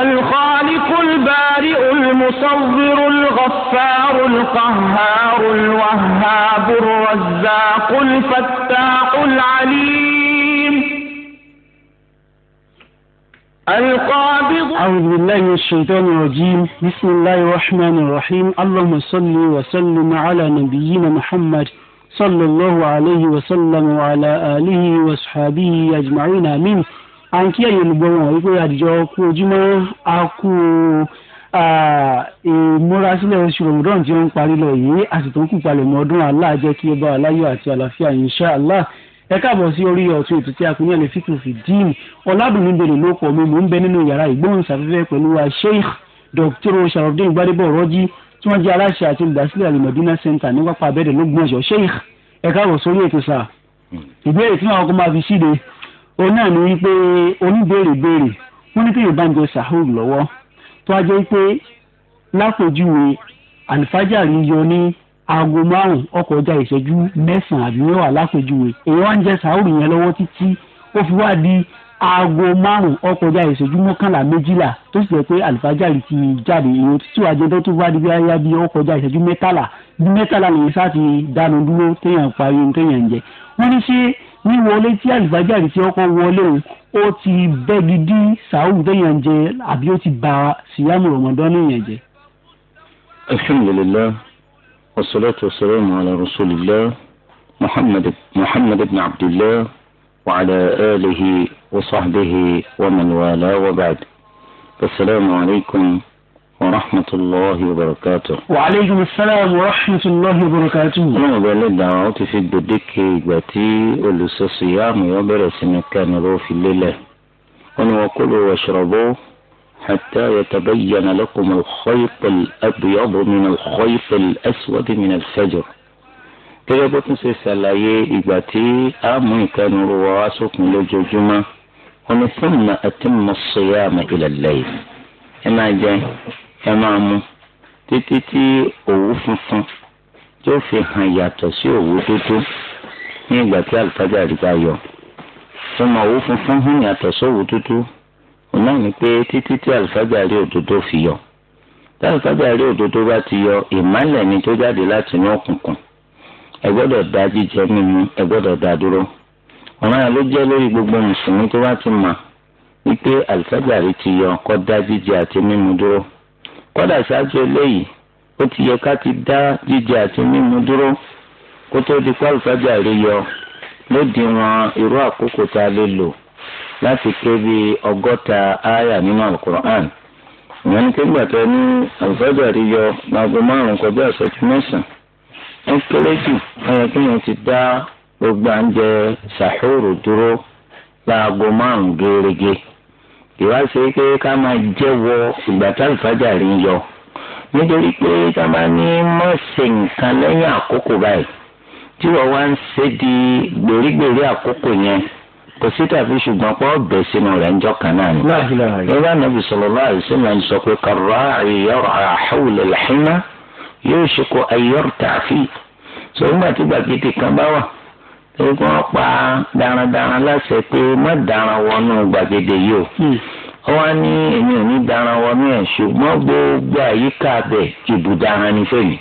الخالق البارئ المصور الغفار القهار الوهاب الرزاق الفتاح العليم القابض أعوذ بالله من الشيطان الرجيم بسم الله الرحمن الرحيم اللهم صل وسلم على نبينا محمد صلى الله عليه وسلم وعلى آله وصحبه أجمعين آمين à ń kí ẹ̀yin olùgbọ́ràn wípé àdìjọ kú ojúmọ́ a kú ìmúrasílẹ̀ oṣù ròmùdán tí ó ń parí lọ yìí a sì tó ń kú palẹ̀ mọ́ ọdún Allah jẹ́ kí ó bá wa àti àlàáfíà insha Allah ẹ káàbọ̀ sí orí ọ̀tún ètò tí a kò ní ẹ̀lẹ́ fíkù fi dín ọ̀làdùn níbèrè ló pọ̀ mi mò ń bẹ nínú yàrá ìgbóhùnsáfẹ́fẹ́ pẹ̀lú wa Sheikh Dr. Sharafdin Gbadebo Rọ́jí tí wọ́n jẹ́ aláṣẹ àti olùdásílẹ̀ al Center ní pápá abẹ́rẹ́ lógún Sheikh ẹ káàbọ̀ sórí ètò sáà hmm. ìbéèrè tí àwọn kan máa fi síde òun náà ni wípé oníbèrèbèrè wọn ní tí yorùbá ń jẹ sahur lọ́wọ́ tó a jẹ́ pé lápòjúwe àlùfájàrí yọ ní aago márùn ọkọ̀ ọjà ìṣẹ́jú mẹ́sàn-án àbí mẹ́wàá lápòjúwe èyí wọ́n ń jẹ sahur yẹn lọ́wọ́ títí ó fi wá di aago márùn ọkọ̀ ọjà ìṣẹ́jú mọ́kànlá méjìlá tó sì jẹ́ pé àlùfájàrí ti jáde ìwọ̀n títí wàá jẹ́ tó wá di bí ayá bí ọkọ̀ ọjà ìṣẹ́jú mẹ́tàlá bí mẹ́tàlá nìyẹn sáà ti dánu dúró téèyàn parí téèyàn jẹ wọ́n ní ṣé wíwọlé tí àlùfájàrí tí ọkọ wọlé o ó ti bẹ́gi dí sàúrù téèyàn jẹ àbí ó ti bà síyámù rọmọdọ́nù yẹn jẹ. alhamdulilayi wasalaatu wasalaamu ala rasulillah muhammad muhammad ibn abdullah wa ala alihi wa sahbihi wa man wala wa baad asalaamu alaykum. ورحمة الله وبركاته وعليكم السلام ورحمة الله وبركاته أنا بقول الدعوة في بدك باتي ولسه صيام يبرى سنكان في الليلة أنا وكلوا واشربوا حتى يتبين لكم الخيط الأبيض من الخيط الأسود من الفجر gẹ́gẹ́ bó tún ṣe ṣàlàyé ìgbà tí a mú ìkẹnuru wa wá sókun lójoojúmọ́ onífẹ́mi àti mọ̀ṣọ́yà àmì ìlẹ̀lẹ́yìn ẹ máa jẹ ẹ máa mu títí tí òwú funfun yóò fi hàn yàtọ̀ sí òwú dúdú ní ìgbà tí àlùfáàjà rí bá yọ fún ma òwú funfun hàn yàtọ̀ sí òwú dúdú òun náà ni pé títí tí àlùfáàjà rí òdodo fi yọ tí àlùfáàjà rí òdodo bá ti yọ ìmálẹ̀ ni tó jáde láti inú òkùnkùn ẹ gbọ́dọ̀ dá jíjẹ mímu ẹ gbọ́dọ̀ dá dúró ọ̀ràn ló jẹ́ lórí gbogbo mùsùlùmí tó bá ti mà wípé àlùfáàjà rí ti yọ kó dá jíjẹ àti mímu dúró kódà ṣáájú eléyìí ó ti yẹ ká ti dá jíjẹ àti mímu dúró kó tó di pé àlùfáàjà rè yọ lódiwọ̀n irú àkókò tá a lè lò láti ké bí ọgọ́ta àyà nínú alukur'an ìyẹn ní kéńgbà tó ní àlùfáàjà rè yọ láago márùn kọjá ìṣẹ́jú mẹ́sàn-án kéré ti dá gbogbo ìwáṣe pé ká máa jẹ́wọ́ ìgbà tá àlùfáàjà rí ń yọ nítorí pé tá a bá ní mọ̀ ṣe nǹkan lẹ́yìn àkókò báyìí tí wọ́n wá ń ṣe di gbèrígbèrí àkókò yẹn kò sí tàbí ṣùgbọ́n pé ọbẹ̀ sínú rẹ̀ ń jọ kan náà ni. nígbà nàbì sallallahu alaihi wasallam sọ pé karra'i yar'a hawla al-hima yushiku an yarta'a fi. sọ wọn àti gbàgede kan bá wà torí kí wọ́n pa darandaran láṣẹ pé má daran wọnú gbàgede yìí o hmm. wọ́n á ní èmi ò ní daran wọnú ẹ̀ ṣùgbọ́n gbogbo àyíká abẹ ìbùdaran ni fèmí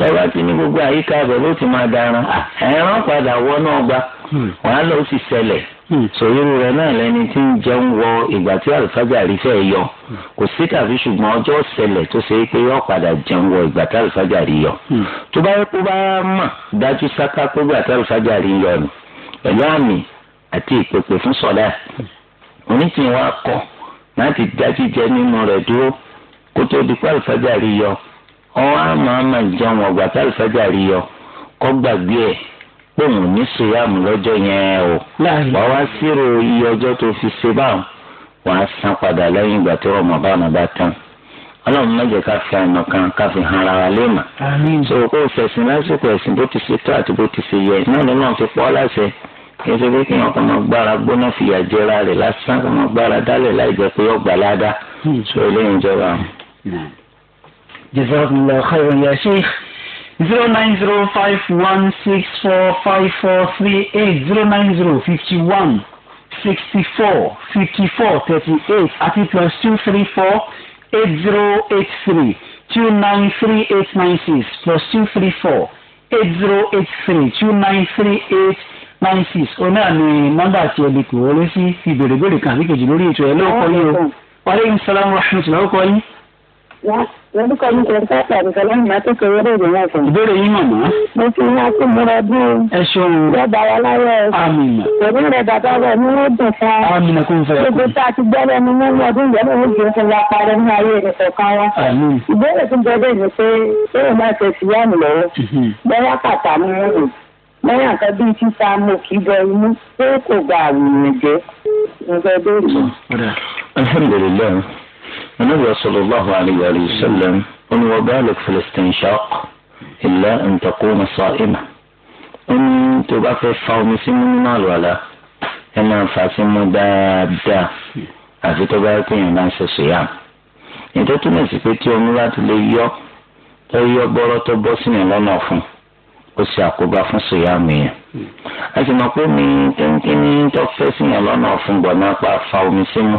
lọ́wọ́ tí ní gbogbo àyíká abẹ ló ti máa daran ẹ̀ràn padà wọnú ọgbà hmm. wàhálà ó sì ṣẹlẹ̀ Hmm. sòyúrú rẹ náà hmm. lẹni tí ń jẹun wọ ìgbà tí àlùfájàrí fẹ́ yọ hmm. kò sí tàbí ṣùgbọ́n ọjọ́ ṣẹlẹ̀ tó ṣe pé yọ padà jẹun wọ ìgbà tí àlùfájàrí yọ tó bá yẹ kó bá mà dájú sáká pé ìgbà tí àlùfájàrí yọ ni pẹ̀lú àmì àti ìpèpè fún sọ̀dá onítìyẹn wa kọ̀ láti dájú jẹ nínú rẹ̀ dúró kó tó di pé àlùfájàrí yọ ọ̀hún àmọ́ àmọ́ ìjẹun ọ̀gbà tí àlùfájàrí yọ kó gbàgbé ẹ̀ pòun ní sèyàmù lọ́jọ́ yẹn o wàá wá sírò iye ọjọ́ tó fi ṣe báwọn wàá san padà lẹ́yìn ìgbà tí Ramadan bá tán ọlọ́run má jẹ́ ká fi àmọ̀ kan ká fi hàn ara wa léèmà. sọ̀rọ̀ kó o fẹ̀sìn lásìkò ẹ̀sìn bó ti ṣe tó àti bó ti ṣe yẹ náà lọ́nà fi pọ́ láṣẹ kí ẹ ṣe pé kí wọn kàn máa gbára gbóná fìyà jẹra rẹ̀ lásán kàn máa gbára dálẹ̀ láì jẹ́ pé ọgbà ládàá hmm. sọ eléyìí jọba. jazakumullahu khairan ya sheikh zero nine zero five one six four five four three eight zero nine zero fifty one sixty four fifty four thirty eight àti plus two three four eight zero eight three two nine three eight nine six plus two three four eight zero eight three two nine three eight nine six òun náà ni nọ́mbà àti ẹbí kò wọlé sí ìbèrè ìbèrè kan àbí kejì lórí ètò ẹ lóòkọ yìí o wàlẹ́yìn sálámù rahmatulah ó kọ́ lórúkọ mi kò sábà nǹkan lẹ́yìn máa tó kéré lóde náà fún mi. ìbéèrè yín màmá. mo fi iná kó múra bí o. ẹ ṣeun. yóò bá wa láyọ̀ ẹ. àmìnà. èmi rẹ̀ bàbá rẹ̀ ni wọ́n dùn fún wa. àmìnà kò ń fẹ́. gbogbo tá a ti gbọ́ lẹ́nu nínú ọdún ìyẹn ló ń gbé fún wa parẹ́ ní ayé rẹ̀ kọ̀ọ̀kan wa. ìbéèrè tó jẹ́ bẹ́ẹ̀ ni pé bẹ́ẹ̀ النبي صلى الله عليه وآله وسلم قل وبالك في الاستنشاق إلا أن تقوم صائما أن تبقى في الصوم سمنا ولا أنا فاسم دادا àfi tó bá yẹ kó yẹn máa ń ṣe sòyàm ètò túmọ̀ sí pé tí omi bá ti lè yọ tó yọ gbọ́rọ́ tó bọ́ sí yẹn lọ́nà fún ó ṣe àkóbá fún sòyàm yẹn a sì mọ̀ pé omi kínkínní tó fẹ́ sí yẹn lọ́nà fún gbọ̀nà pa fa omi símú.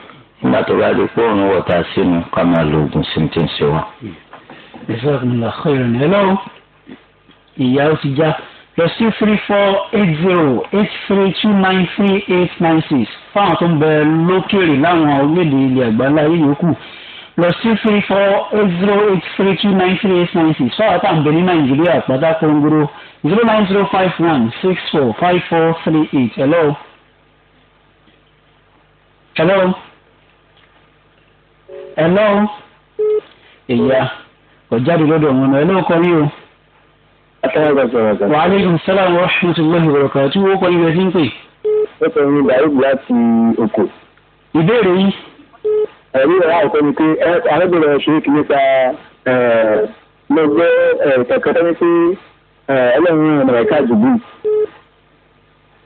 nígbà tó bá di pé òun wọ̀ta sínú ká máa lo oògùn sí ti ń ṣe wá. ìṣèkùnlá ìrìn ẹ̀lọ́ ìyá ó ti já plus two three four eight zero eight three two nine three eight nine six fáwọn tó ń bẹ lókèrè láwọn orílẹ̀-èdè ilẹ̀ àgbáláyé yòókù plus two three four eight zero eight three two nine three eight nine six fáwọn tá à ń bẹ ní nàìjíríà pátákó ń zero nine zero five one six four five four three eight hello. hello ẹ̀lọ́ ìyá kò jáde lọ́dọ̀ wọn náà ẹ̀lọ́ kọ́ ní o. wa aleykum salaam wa rahmatulahi wa barakatu wo kọ́ ibẹ̀ sí ń pè. ó sọ mi dàrúbù láti oko. ìbéèrè yìí. ẹ̀rí ọ̀rá ọ̀kọ́ ni pé arábìnrin ọ̀ṣẹ́ kì í nípa lọ́gbẹ́ kẹ̀kẹ́ tẹ́lẹ̀ sí ẹlẹ́rìn ọ̀nàmẹ́ká jùbú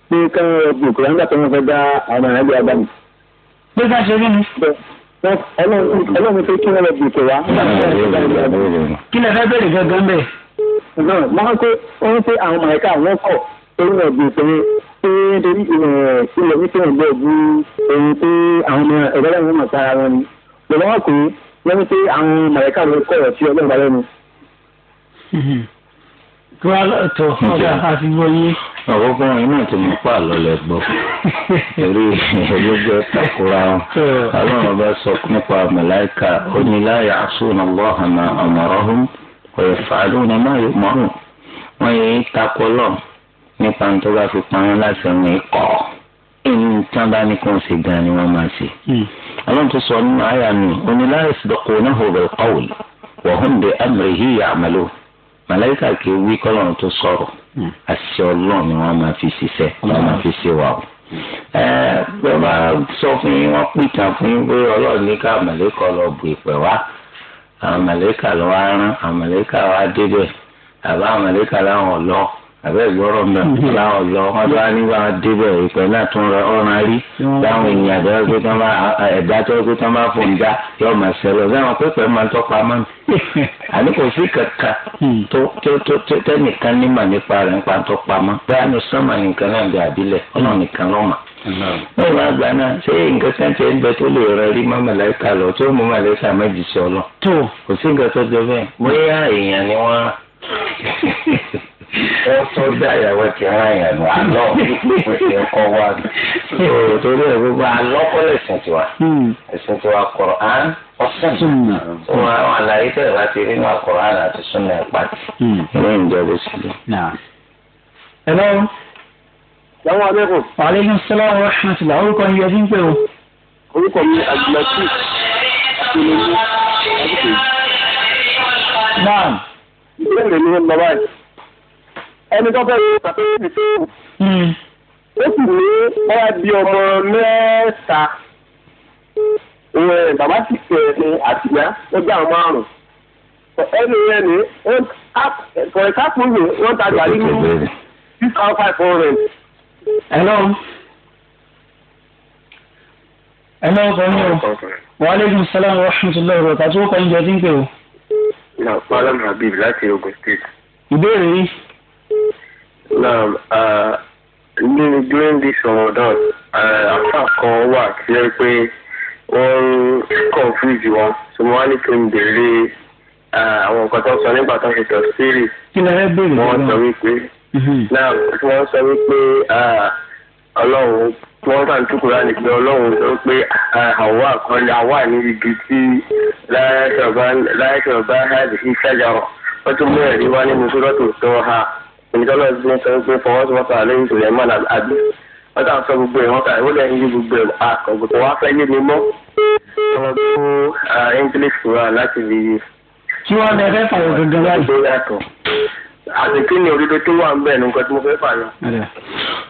pé káwọn ọ̀gbìn kò rán tó wọn fẹ́ dá àwọn àrẹ́bí agbáni. pé ká ṣe rí ni ọlọ́run fẹ́ kí wọ́n lọ bèèrè wá. kí lè fẹ́ bèrè gangan bẹ́ẹ̀. máa ń pé ó ń pé àwọn màlẹ́kà wọn kọ̀ torí ọ̀gbìn pé pé nítorí ilẹ̀ wípé wọn gbọ́ ju ohun pé àwọn ọmọ ẹ̀rọ ẹ̀rọ mọ̀ sára wọn ni. lọ́wọ́ pé wọ́n ní pé àwọn màlẹ́kà ló kọ̀ ọ̀rọ̀ sí ọlọ́run tó ọjà àti wọnyí. àkọ́kọ́ yẹn náà tó mọ̀ pa àlọ́lẹ̀ gbọ́ torí olóògbé takura wọn aláwọ̀ bá sọ nípa màláìka ó ní láyà àsùn ọlọ́hàn náà àmọ̀ràn ọ̀yẹ̀ fàálù náà má yóò mọ̀rùn wọ́n yẹ takọ lọ nípa tó bá fi pa wọn láti rìn kọ́ ẹni tí bá ní kí wọ́n ṣe gan ni wọ́n máa ṣe. aláwọ̀ hmm. tó sọ nínú àyà mi ó ní láyà ìsìdọ̀kọ̀ náà hùwẹ̀ kọ́wùl wọ̀hún bẹ́ẹ̀ màláìka kì í wí kọ́lọ́run tó sọ̀rọ̀ hmm. àṣẹ ọlọ́run ni wọ́n máa fi ṣiṣẹ́ wọ́n máa fi ṣe wà o. Hmm. ẹ bí wọ́n bá sọ fún yín wọ́n pè tán fún yín pé ọlọ́run ní ká màláìka lọ bù ìpẹ́ wá àwọn màláìka lọ wá rán àwọn màláìka wá débẹ̀ àbá àwọn màláìka láwọn lọ àbẹ́ ìgbọ́rọ̀ mbẹ́ mhm. láwọn ọ̀yọ́ wọn bá nígbà wọn débẹ̀ ìpẹ́ náà tún rẹ ọ̀ràn rí dáhùn èèyàn àbẹ́ pé tán bá ẹ̀dá tó pé tán bá fòun dá yọ ọmọ ṣẹlẹ̀ ọ̀sán pépè máa ń tọ́pa mọ́ mi àní kò sí kankan hmm. tó tó tó tẹ́nìkan nímọ̀ nípa rẹ̀ nípa tọ́pa mọ́ hmm. hmm. bẹ́ẹ̀ ni sọ́mà nìkan náà bẹ àbílẹ̀ ọ̀nà nìkan lọ́mà wọ́n máa gbà náà ṣé nǹkan sẹ́ńtẹ̀ ń bẹ tó lè rẹ rí mọ́ màláìka lọ tó mú màláìka méjì sí ọ lọ. kò sí nǹkan tó jẹ bẹ́ẹ̀ bóyá èèyàn ni wọ́n ẹ tó dá ìyàwó ẹ ti rán ìyànú àlọ́ pèsè ẹ̀kọ́ wa torí ẹ̀ gbogbo àlọ́ kọ́lẹ̀ hmm. ẹ̀sìn tiwa ẹ̀sìn tiwa kọ̀rọ̀ á O wọn àwọn àlàyé tẹ̀lé láti rí inú àkọ̀rọ̀ á àti súnà ẹ̀ pàtì ìwé ìjọba sílẹ̀. hello. salamu aleykum. aleykum salaam wa rahmatulah orúkọ ni yẹn ti ń pè o. orúkọ mi àjùmọ̀tì àti olóyún àdúgbò. náà. ìbéèrè mi ń lọ ẹni tó fẹ́ yóò pàtó sí fóònù hmm. ó sì ní ọ̀rá di ọmọ mẹ́ta bàbá sì pè é àtìyá ó jẹ́ àwọn márùn-ún ẹni yẹn ni for a couple wey wọ́n ta gàrí ní six thousand five hundred. hello hello sọ́ni o waaleykum salaam wa rahmatullahi wa barakatuh kọ́ ń jẹ́ tí ń pè o. ìlànà pàlọ́ mi àbí láti Ogun State. ìbéèrè yìí naam ní during this ramadan afa kan wà tí ẹ pé wọ́n ń confuse wọn so wọ́n á ní kí n béèrè àwọn nǹkan tó ń sọ nígbà tó ń ṣe tọ̀ kí ni ẹ béèrè náà mhm. wọ́n sọ wípé náà wọ́n sọ wípé ọlọ́run wọ́n kà ń túkúrá ní pé ọlọ́run sọ pé àwa àkọlé àwa ní ibi tí láyé sọ̀bá hàdì ìṣàjà ọ̀ wọ́n tún mú ẹ̀rí wá nínú sọ́dọ̀tò tó ha ìdọ́lọ́ ti ń sọ pé fọwọ́ sọ fà lẹ́yìn ìṣẹ̀lẹ̀ mọ́ àbí wọ́n tà ń sọ gbogbo ẹ̀ wọ́n tà ìwọ́n lẹ́yìn ní gbogbo ẹ̀ àkọ́gbọ̀tọ̀ wá fẹ́ yé mi mọ́ ọmọ tó english wa láti fi. kí wọ́n bẹ fẹ́ fàyọ̀ gangan báyìí. àtìkí ni òdodo tó wà ń bẹ̀ nǹkan tí mo fẹ́ fà lọ.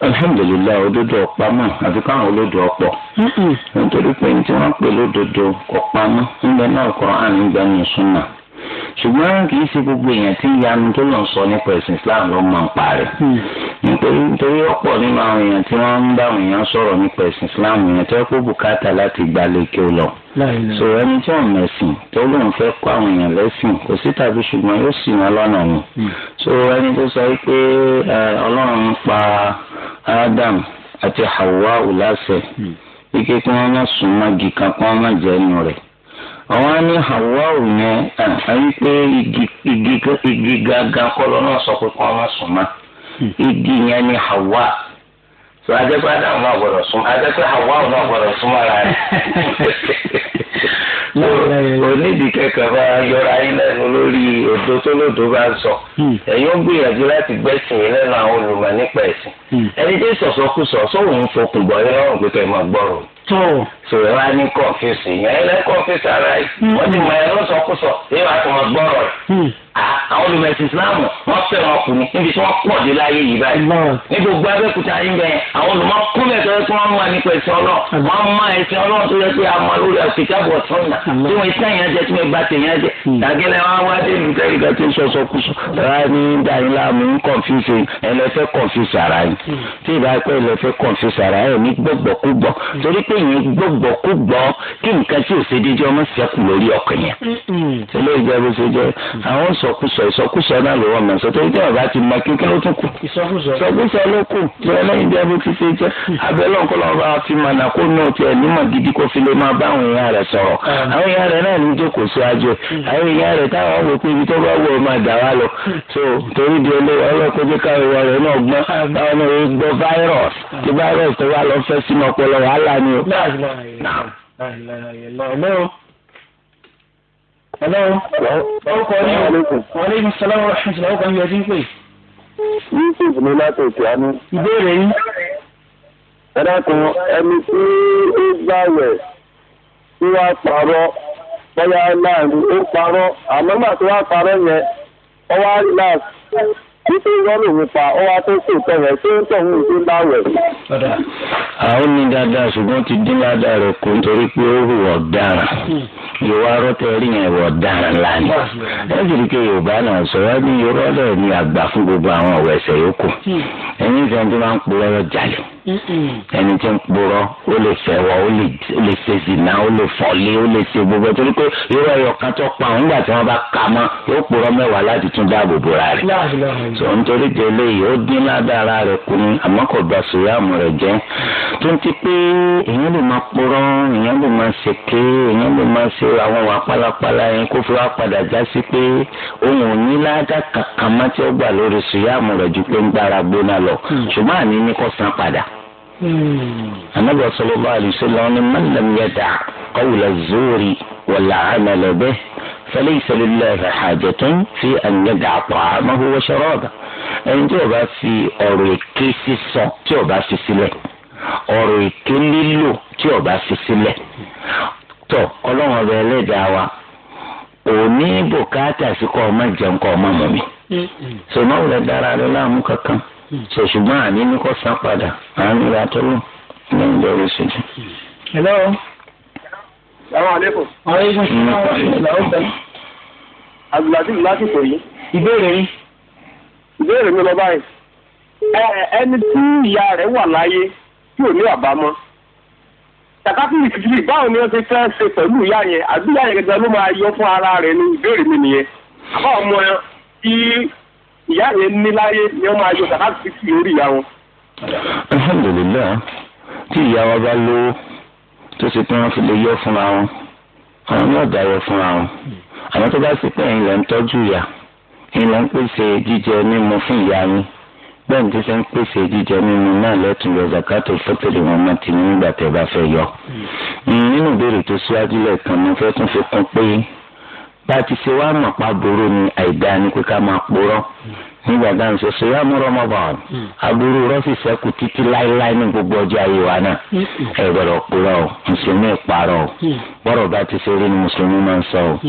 alhamdulilayi òdodo ọ̀pamọ́ àti káwọn olódò ọ̀pọ̀ nítorí pé ní tí wọ́n pè lódodo ọ̀pamọ́ ń ṣùgbọ́n kì í ṣe gbogbo èèyàn tí ìyanu tó lọ sọ nípa ẹ̀sìn Islam ló máa ń parẹ́ hmm. nítorí ọ̀pọ̀ nínú àwọn èèyàn tí wọ́n ń bá àwọn èèyàn sọ̀rọ̀ nípa ẹ̀sìn Islam yẹn tó kó bùkátà láti gbalẹ̀ kí ó lọ so ẹni tí ọ̀nà ẹ̀sìn tó lóun fẹ́ kó àwọn èèyàn lẹ́sìn kò sí tàbí ṣùgbọ́n yóò sì wọn lọ́nà wọn hmm. so ẹni tó sọ pé Ọlọ́run pa Adam àti Hawa ò láṣẹ hmm. ike kí wọ́n má sùn mọ́gi kan kí wọ́n má jẹ́ ẹnu rẹ̀ àwọn á ní Hawa'u yẹn àyí pé igi gangan kọ́lọ́ náà sọ pé kọ́ máa hmm. igi yẹn ní Hawa tó náà náà onídìí bá yọra lórí tó lòdò bá sọ hmm. ẹ̀yin gbìyànjú láti gbẹ́sìn yín lẹ́nu àwọn olùmọ̀ nípa ẹ̀sìn hmm. ẹni tí sọ̀sọ́kù sọ sóhun fokùn bọ̀ yín lọ́rùn tó sọ̀rọ̀ wa ní kọ́fíìsì yẹn lẹ́kọ́fíìsì ara yìí hmm. wọ́n ti mọ ẹ lọ́sọ̀kúsọ̀ yóò wá tó mọ gbọ́rọ̀ rẹ̀. Hmm àwọn olùmẹ̀sìn islam wọ́n fẹ́ wọn kù ní níbi tí wọ́n pọ̀ dé láyé yìí báyìí. ní gbogbo abẹ́kúta yín bẹ́ẹ̀ àwọn olùmọ̀kúnlẹ̀ tó yẹ kí wọ́n máa nípa ẹ̀sìn ọlọ́ọ̀ wọ́n máa ẹ̀sìn ọlọ́ọ̀ tó yẹ kí a máa lórí àkìtàbù ọ̀sánná tí wọ́n iṣẹ́ yẹn jẹ́ tí wọ́n gba tèèyàn jẹ́. dàgẹ́lẹ̀ hmm. wọn wá dé ní tẹ́ríkà tó ń sọ̀sọ̀ kù sọ. ara ní dàní láàmú ń kọ̀ǹfìsì ẹlẹ́fẹ́ sọkúsọ ìsọkúsọ náà ló wọ́n mọ̀ sọ torí tẹ́wọ̀n bá ti mọ kíkẹ́ ló tún kù ìsọkúsọ ló kù tí ọlẹ́yin jẹ́ bó ti ṣe jẹ́ abẹ́lẹ́ ọ̀kọ́lọ́ bá fi mọ̀ nà kó náà tiẹ̀ nímọ̀ gidi kó fi lè máa bá àwọn èèyàn rẹ̀ sọ̀rọ̀ àwọn èèyàn rẹ̀ náà ní jókòó síwájú hmm. àwọn èèyàn rẹ̀ táwọn wò pé ibi tó bá wọ máa dà wá lọ hmm. so torí di olówó ọlọ́kọ́jẹ́ káwéwọ́ rẹ̀ náà gbọ́n táwọn náà gbọ́ virus tí Hello. Ọkọ̀ yìí. Wàlẹ́yìn sọ́lá wa ṣùgbọ́n ọkọ̀ yìí ọdún pè. Yusuf ní láti òkè àánú. Ìbéèrè yín. Ẹ ẹni tí ó gbà wẹ̀ tí wàá parọ́ láàrin ó àmọ́ tí wàá yẹn pa ọ wá tó kù tó ìwà rọtẹrí yẹn wọ dára ńlá ni ẹ sì rí i pé yorùbá náà sọ̀rọ̀ ní yorùbá náà ní àgbà fún gbogbo àwọn ọ̀wẹ̀sẹ̀ yòókù hmm. ẹ̀yin ìfẹ́ tó máa ń polówó jalè ẹni tí ń purọ́ ó lè fẹ̀wọ̀ ó lè ṣe zìnà ó lè fọ́lé ó lè ṣe gbogbo torí pé irú ẹyọ kan tó pa òun gbà tí wọ́n bá kà mọ́ yóò purọ́ mẹ́wàá láti tún dáàbò bo ara rẹ̀ tó nítorí délé yìí ó dín ládàra rẹ̀ kù ní àmọ́ kò gbà sòyàmù rẹ̀ jẹ́ tó ń ti pé èèyàn lè máa purọ́ èèyàn lè máa ṣe ké èèyàn lè máa ṣe àwọn wà pálapàla yẹn kó fi wá padà já sí pé òun ò ní ládà kankan má tí ó gbà lórí sòyàmù rẹ̀ ju pé ń gbára gbóná lọ hmm. ṣùgbọ́n àní ní kò san padà. Hmm. anabi sallallahu alayhi wa sallam ni man lam yada' qawla az-zuri wala 'amala bihi falaysa lillahi hajatun fi an yada'a ta'amahu wa sharabahu ẹni tí ó bá fi ọ̀rọ̀ èké sísọ tí ó bá fi sílẹ̀ ọ̀rọ̀ èké lílò tí ó bá fi sílẹ̀ tọ Ọlọ́run ọbẹ Ẹlẹ́dàá wa òní bùkátà sí kọ ọmọ jẹun kọ ọmọ mọ mi hmm. sọmọ wùlẹ dára rẹ láàmú kankan. ṣòṣùgbọ́n àní ní kò san padà àánú ìlà tó lò hello. salaam aleykum. aleykum mm. salaam. abdulaziz lásìkò yìí. ìbéèrè yín. ìbéèrè mi lọ báyìí. ẹni tí ìyá rẹ̀ wà láyé tí ò ní báwo ni wọ́n ti fẹ́ ṣe pẹ̀lú yẹn yẹn gẹ́gẹ́ fún ara rẹ̀ ní ìbéèrè nìyẹn. àbá ọmọ yẹn ìyá yẹn ní láyé ni wọ́n máa yọ sàkáàtì fífi orí ìyá wọn. alhamdulilayi tí ìyá wa bá lówó tó ṣe pé wọ́n fi lè yọ fúnra wọn àwọn náà dá yọ fúnra wọn àwọn tó bá sì pé ẹ̀yin lẹ ń tọ́jú ìyá ẹ̀yin lẹ ń pèsè jíjẹ mímu fún ìyá yín bẹ́ẹ̀ ni tó ṣe ń pèsè jíjẹ mímu náà lẹ́tùn yọ zakato fẹ́tẹ̀lẹ̀ wọn máa ti nígbà tẹ̀ bá fẹ́ yọ. nínú ìbéèrè tó síwájú lẹ́ẹ̀kan mo fẹ́ tún fi kún pé bá ti ṣe wá mọ̀ pa burú ni àìdá ni pé ká máa purọ́ nígbà tá à ń sọ ṣe hmm. aburú rọ́ọ̀sì títí láéláé ní gbogbo ọjọ́ ayé náà hmm. ẹ o mùsùlùmí ìparọ́ o hmm. bọ́rọ̀ bá ti ṣe rí sọ o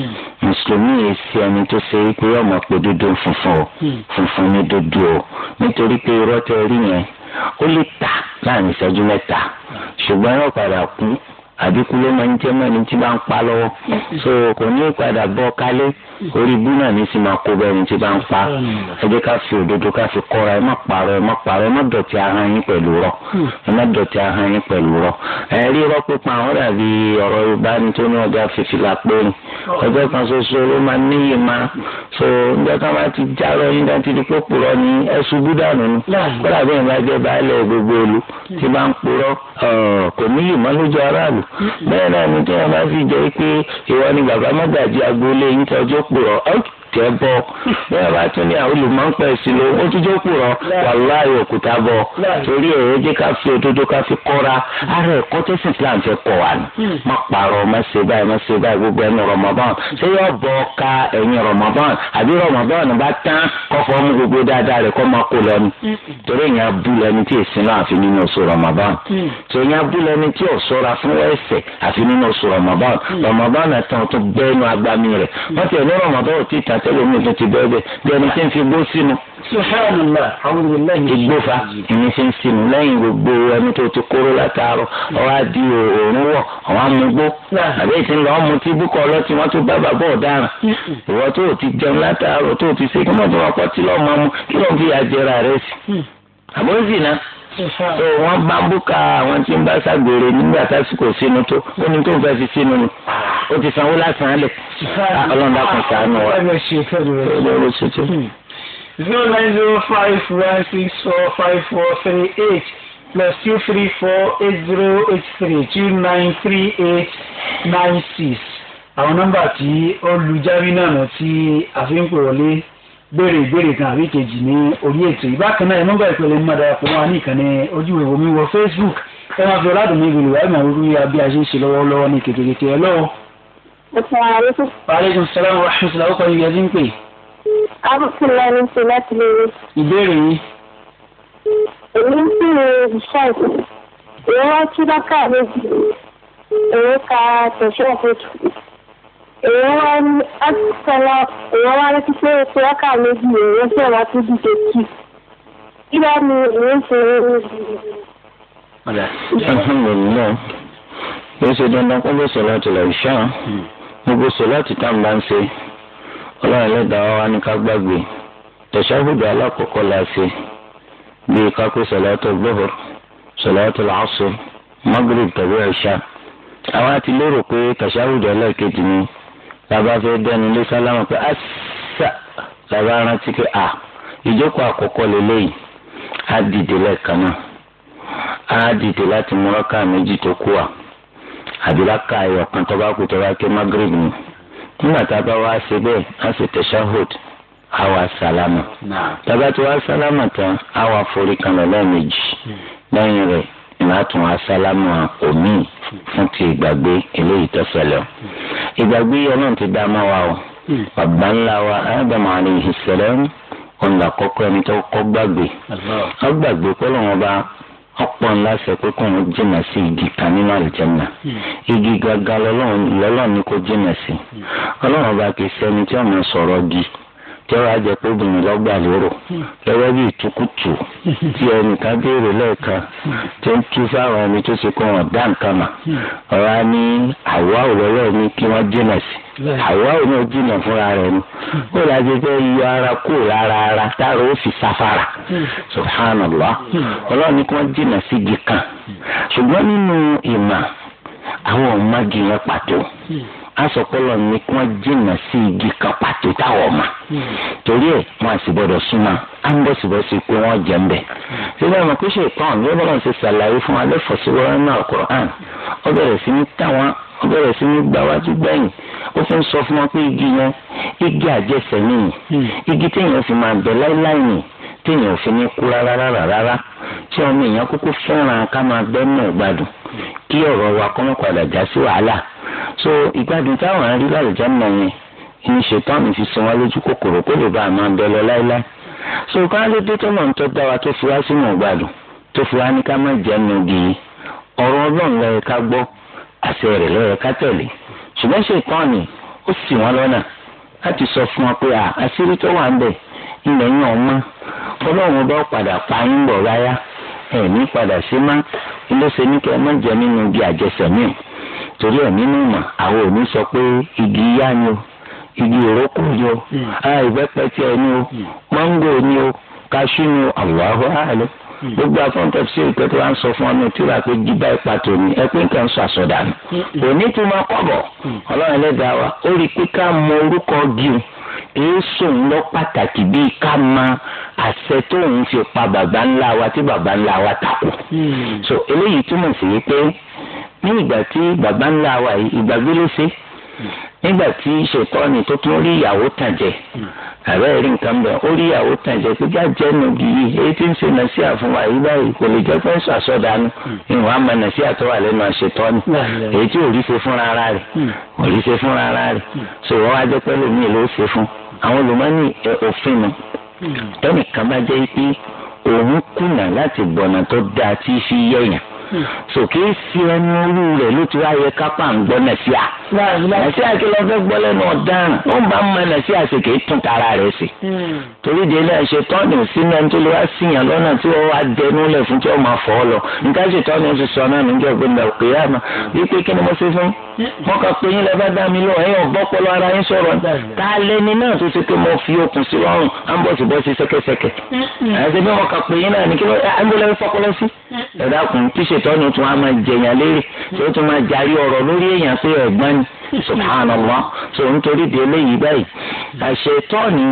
mùsùlùmí yìí ṣe ẹni tó ṣe ọmọ pé dúdú funfun o funfun ní dúdú o nítorí tẹ rí yẹn ó lè ta láàrin ìṣẹ́jú mẹ́ta ṣùgbọ́n àdínkù ló máa ń jẹ́ mọ́ ẹni tí bá ń pa lọ́wọ́ so kò ní ìpadà bọ́ kálé orí ibú náà ní sì máa kó bẹ́ẹ̀ ni tí bá ń pa ẹ jẹ́ ká fi òdodo ká fi kọ́ra ẹ má parọ́ ẹ má parọ́ ẹ má dọ̀tí ahọ́n yín pẹ̀lú rọ́ ẹ má dọ̀tí ahọ́n yín pẹ̀lú rọ́ ẹ rí rọ́ pípa àwọn dàbí ọ̀rọ̀ Yorùbá ni tó ní ọjà fífi là pé ni ọjọ́ kan ṣoṣo ló máa níyì máa so ǹjẹ́ ká máa ti járọ yín dáńtí ni pé purọ́ ni ẹ ṣubú dànù ni kódà bí ìrìnàjò baálé gbogbo ìlú tí bá ń purọ́ kò níyì mọ́ lójú aráàlú bẹ́ẹ̀ náà ni kí wọn bá fi jẹ́ pé ìwọ ni bàbá mọ́gàjì agboolé yín tọ́jú pé ọ tiẹ̀ bọ̀ bẹ́ẹ̀ bá tún ní àwùjọ máa ń pẹ́ sí lo ó tún jẹ́ òkúrọ̀ wàláhì òkúta bọ̀ torí ẹ̀ ẹ́ jẹ́ ká fi òdodo ká fi kọ́ra hmm. ara ẹ̀kọ́ tó sì Islam fẹ́ kọ̀ wá ni hmm. má parọ́ má ṣe báyìí má ṣe báyìí gbogbo ẹni Ramadan ṣé yóò bọ̀ ká ẹ̀yìn Ramadan àbí Ramadan bá tán kọ́kọ́ mú gbogbo dáadáa rẹ̀ kọ́ máa kó lọ hmm. torí ìyẹn abú lẹni tí èsì náà àfi nínú oṣù Ramadan tó ìyẹn abú lẹni tí ò ṣọ́ra fún ẹ̀ṣẹ̀ àfi nínú oṣù Ramadan Ramadan náà tán tó gbẹ́nu agbami rẹ̀ wọ́n ti ẹ̀ ní Ramadan ò tí ì tẹlifíṣàn tó ti bẹ́ẹ̀ bẹ́ẹ̀ bí ẹni tí ń fi gbó sínú. ìgbófa ẹni tí ń sínú lẹ́yìn gbogbo ẹni tó ti kóró látàárọ̀ ọwọ́ adi òórùn wọ̀ àwọn amúgbó àbẹ́ ìsìn lọ́ọ́ mu tí búkọ ọlọ́tí wọ́n tún bá bàbá ọ̀daràn ìwọ tó ti jẹun látàárọ̀ tó ti ṣe kí wọ́n tún wọ́n pọ́ tí lọ́ọ́ máa mu kí lọ́ọ́ fi àjẹrà rẹ̀ sí. Mm. àbọ̀ so wọ́n bámbúkà àwọn tí ń bá ṣàgbèrè nígbà tásìkò sínú tó ó ní tó ń fẹ́ fi sínú ni ó ti sanwó lásán án lẹ̀ ah, ọlọ́run dákun ṣàánú wa. zero nine zero five one six four five four three eight plus two three four eight zero eight three two nine three eight nine six àwọn nọ́mbà tí ó lu jábí náà tí a fi ń wọlé béèrè ìbéèrè kan àbí kejì ní orí ètò ìbákan náà ẹ nọ́mbà ìpele mọ dára pé wọn ní ìkànnì ojú ìwé omi wọ Facebook ẹ máa fi ọládùn mi gbèrò ẹ máa rú abí a ṣe ń ṣe lọ́wọ́lọ́wọ́ ní kékeré ẹ lọ́wọ́. asalaamualeykum. waaleykum salaam wa rahmatulah ọkọ yìí ẹdín pè. abdullahi ní ṣe láti lè rí. ìbéèrè yìí. èmi ń bí ṣáìsì ìwọ́n tí bá káà méjì èmi ka èèyàn wá ní ọ̀sán èèyàn wá létí pé ètò ọkà méjì èèyàn sì wá tó dìde kí kí bá ní èèyàn ṣe é. alhamdulilayi yóò ṣe dandan kó lè sọ láti lọ ìṣá gbogbo sọ láti tá n bá ń ṣe ọlọ́run lẹ́dàá wa ní ká gbàgbé tẹ̀síábùdù alákọ̀ọ́kọ́ la ṣe bíi kápẹ́ sọ̀láàtò gbọ́hùr sọ̀láàtò làásù magrib tàbí ẹ̀ṣá àwọn àti lérò pé tẹ̀síábùdù alákejì ni. làbá fẹ́ dẹnu lé sálámù pé àṣà làbá rántí pé à ìjókòó àkọ́kọ́ lélẹ́yìn á dìde lẹ́ẹ̀kan náà á dìde láti mú rákà méjì tó kù à àbí rákà ẹ̀yọ̀kan tó bá tó bá ké ni nígbà tá a bá wá ṣe bẹ́ẹ̀ á sì tashahhud á tàbá tí tán látún asálámù omi fún ti ìgbàgbé eléyìí tó ṣẹlẹ̀ o ìgbàgbé ọlọ́run ti dá wa o hmm. bàbá ńlá wa ádámù alayhi salam kọ́kọ́ ẹni tó kọ́ gbàgbé ó gbàgbé pẹ́lú wọn bá ọ̀pọ̀ ńlá ṣe pé kò ń sí igi kan nínú hmm. igi ni kò sí hmm. gi. jẹ́wọ́ àjẹ́ pé obìnrin lọ́gbà lérò lọ́wọ́ bí ìtukùtù tí ẹnìkan béèrè lẹ́ẹ̀kan tó ń tú fáwọn ẹni tó ṣe kó wọn dá nǹkan mà ọ̀rọ̀ á ní àwa òlọ́lọ́ ní kí wọ́n jìnà sí àwa ò náà jìnà fúnra rẹ̀ ni ó láti fẹ́ yọ ara kó lára ara tára ó fi sáfara subhanallah ọlọ́run ní kí wọ́n jìnà sí igi kan ṣùgbọ́n nínú ìmọ̀ àwọn ọ̀mọ́gi yẹn pàtó asọpọlọ ni kí wọn jìnnà sí igi kan pàtó táwọn ọmọ torí ẹ wọn àti gbọ́dọ̀ súnmọ́ á ń bọ̀sibọ̀si pé wọ́n jẹ́ ń bẹ̀. síbẹ̀ mọ̀ kí ṣe ìpọ́n ní ọlọ́run ti ṣàlàyé fún alẹ́fọ̀síwọ́rọ́ náà Kùránì ó bẹ̀rẹ̀ sí ní táwọn ó bẹ̀rẹ̀ sí ní gbáwájú gbẹ̀yìn ó fi ń sọ fún wọn pé igi yẹn igi àjẹsẹ̀ nìyí hmm. igi téèyàn fi máa bẹ̀ láíláí nìyí téèyàn ò fi ní kú rárá rárá rárá tí ọmọ èèyàn kúkú fẹ́ràn ká máa bẹ́ mọ̀ kí ọ̀rọ̀ wa kọ́ so igbadun táwọn arí lálùjá mọ̀ yẹn ní mi fi sọ wọn lójú kòkòrò kó lè so dé tó ń tọ́ wa tó fi wá tó fi wá ní ká ọ̀rọ̀ ọlọ́run ká gbọ́ sọ ilẹ̀ yẹn ọmọ ọlọ́run bá padà pa yín bọ̀ ráyá ẹ̀mí padà sí má ló ṣe ní kí ẹ má jẹ nínú igi àjẹsẹ̀mí torí ẹ̀ nínú ìmọ̀ àwọn ò sọ pé igi yá ni o igi òrókò ni o hmm. ìbẹ́pẹ tí ẹ ní o hmm. máńgò ni o kaṣú ni o Allahu a'lam hmm. gbogbo afọ́ntẹ́ sí ìtọ́ tó wá ń sọ fún ọmọ tí wàá pé jíbá ipa tó ẹ pé nǹkan sọ àsọdà ni òní tó máa kọ̀ bọ̀ ọlọ́run ẹlẹ́dàá wa ó rí pé ká mọ orúkọ gíun èésùn lọ pàtàkì bíi ká mọ àṣẹ tó ń fi pa bàbá ńlá wa tí bàbá ńlá wa takò. Hmm. so eléyìí túmọ̀ sí wípé ní ìgbà tí bàbá ńlá wa yìí ìgbàgbé ló ṣe nígbà tí ṣètọ́ni tó tún rí ìyàwó tàn jẹ hmm. àbẹ́ rí nǹkan bẹ̀ ó rí ìyàwó tàn jẹ pé jájẹ́ nùgì yìí èyí tí ń ṣe nà sí àfúnwá yìí báyìí kò lè jẹ́ pé ń ṣàṣọ̀dánù hmm. ìwọ̀n àmọ́ nà sí àtọ́wà lẹ́nu àṣetọ́ni èyí tí ò rí ṣe fúnra ara rẹ̀ ò rí ṣe fúnra ara rẹ̀ ṣòwò wá jẹ́ pẹ́ lómi ló ṣe fún àwọn olùmọ́ni òfin nù hmm. tẹ́nìkan bá jẹ́ pé òun kùnà láti gbọ̀nà tó dáa tí fi yẹ̀yàn sòkè sí ẹni orí rẹ̀ ló ti wá yẹ kápá ń gbọ́ nàṣíà nàṣíà kí lọ fẹ́ gbọ́ lẹ́nu ọ̀daràn ó ń bá mọ nàṣíà sì kì í tún tara rẹ̀ sí. Hmm. torí de náà ṣe tọ́nù sínú ẹni tó lè wá síyàn lọ́nà tí wọ́n wá dẹnu lẹ̀ fún tí wọ́n máa fọ́ ọ lọ nǹkan ṣe tọ́nù ti sọ náà níjọ́ gbẹ̀ndà òkè yá ma wípé kí ni mo ṣe fún wọn kà pé yín lẹ bá dá mi lọ ẹyìn ọgbọ pọlọ ara yín sọ̀rọ̀ ta lẹni náà tó ṣe pé mo fi okùn sí lọ́rùn à ń bọ̀ sí bọ́ sẹ́kẹ́sẹ́kẹ́ hmm, hmm. àti bí wọn kà pé yín náà ní kí ló ń bọ̀ lẹ́yìn fọpọlọ ẹ̀dá kùn tíṣe ṣètọ́nù tún á máa jẹyàn lérí tí ó tún máa jarí ọ̀rọ̀ lórí èèyàn sí ẹ̀gbọ́n ni subhanallah tó ń torí di eléyìí báyìí àṣetọ́ni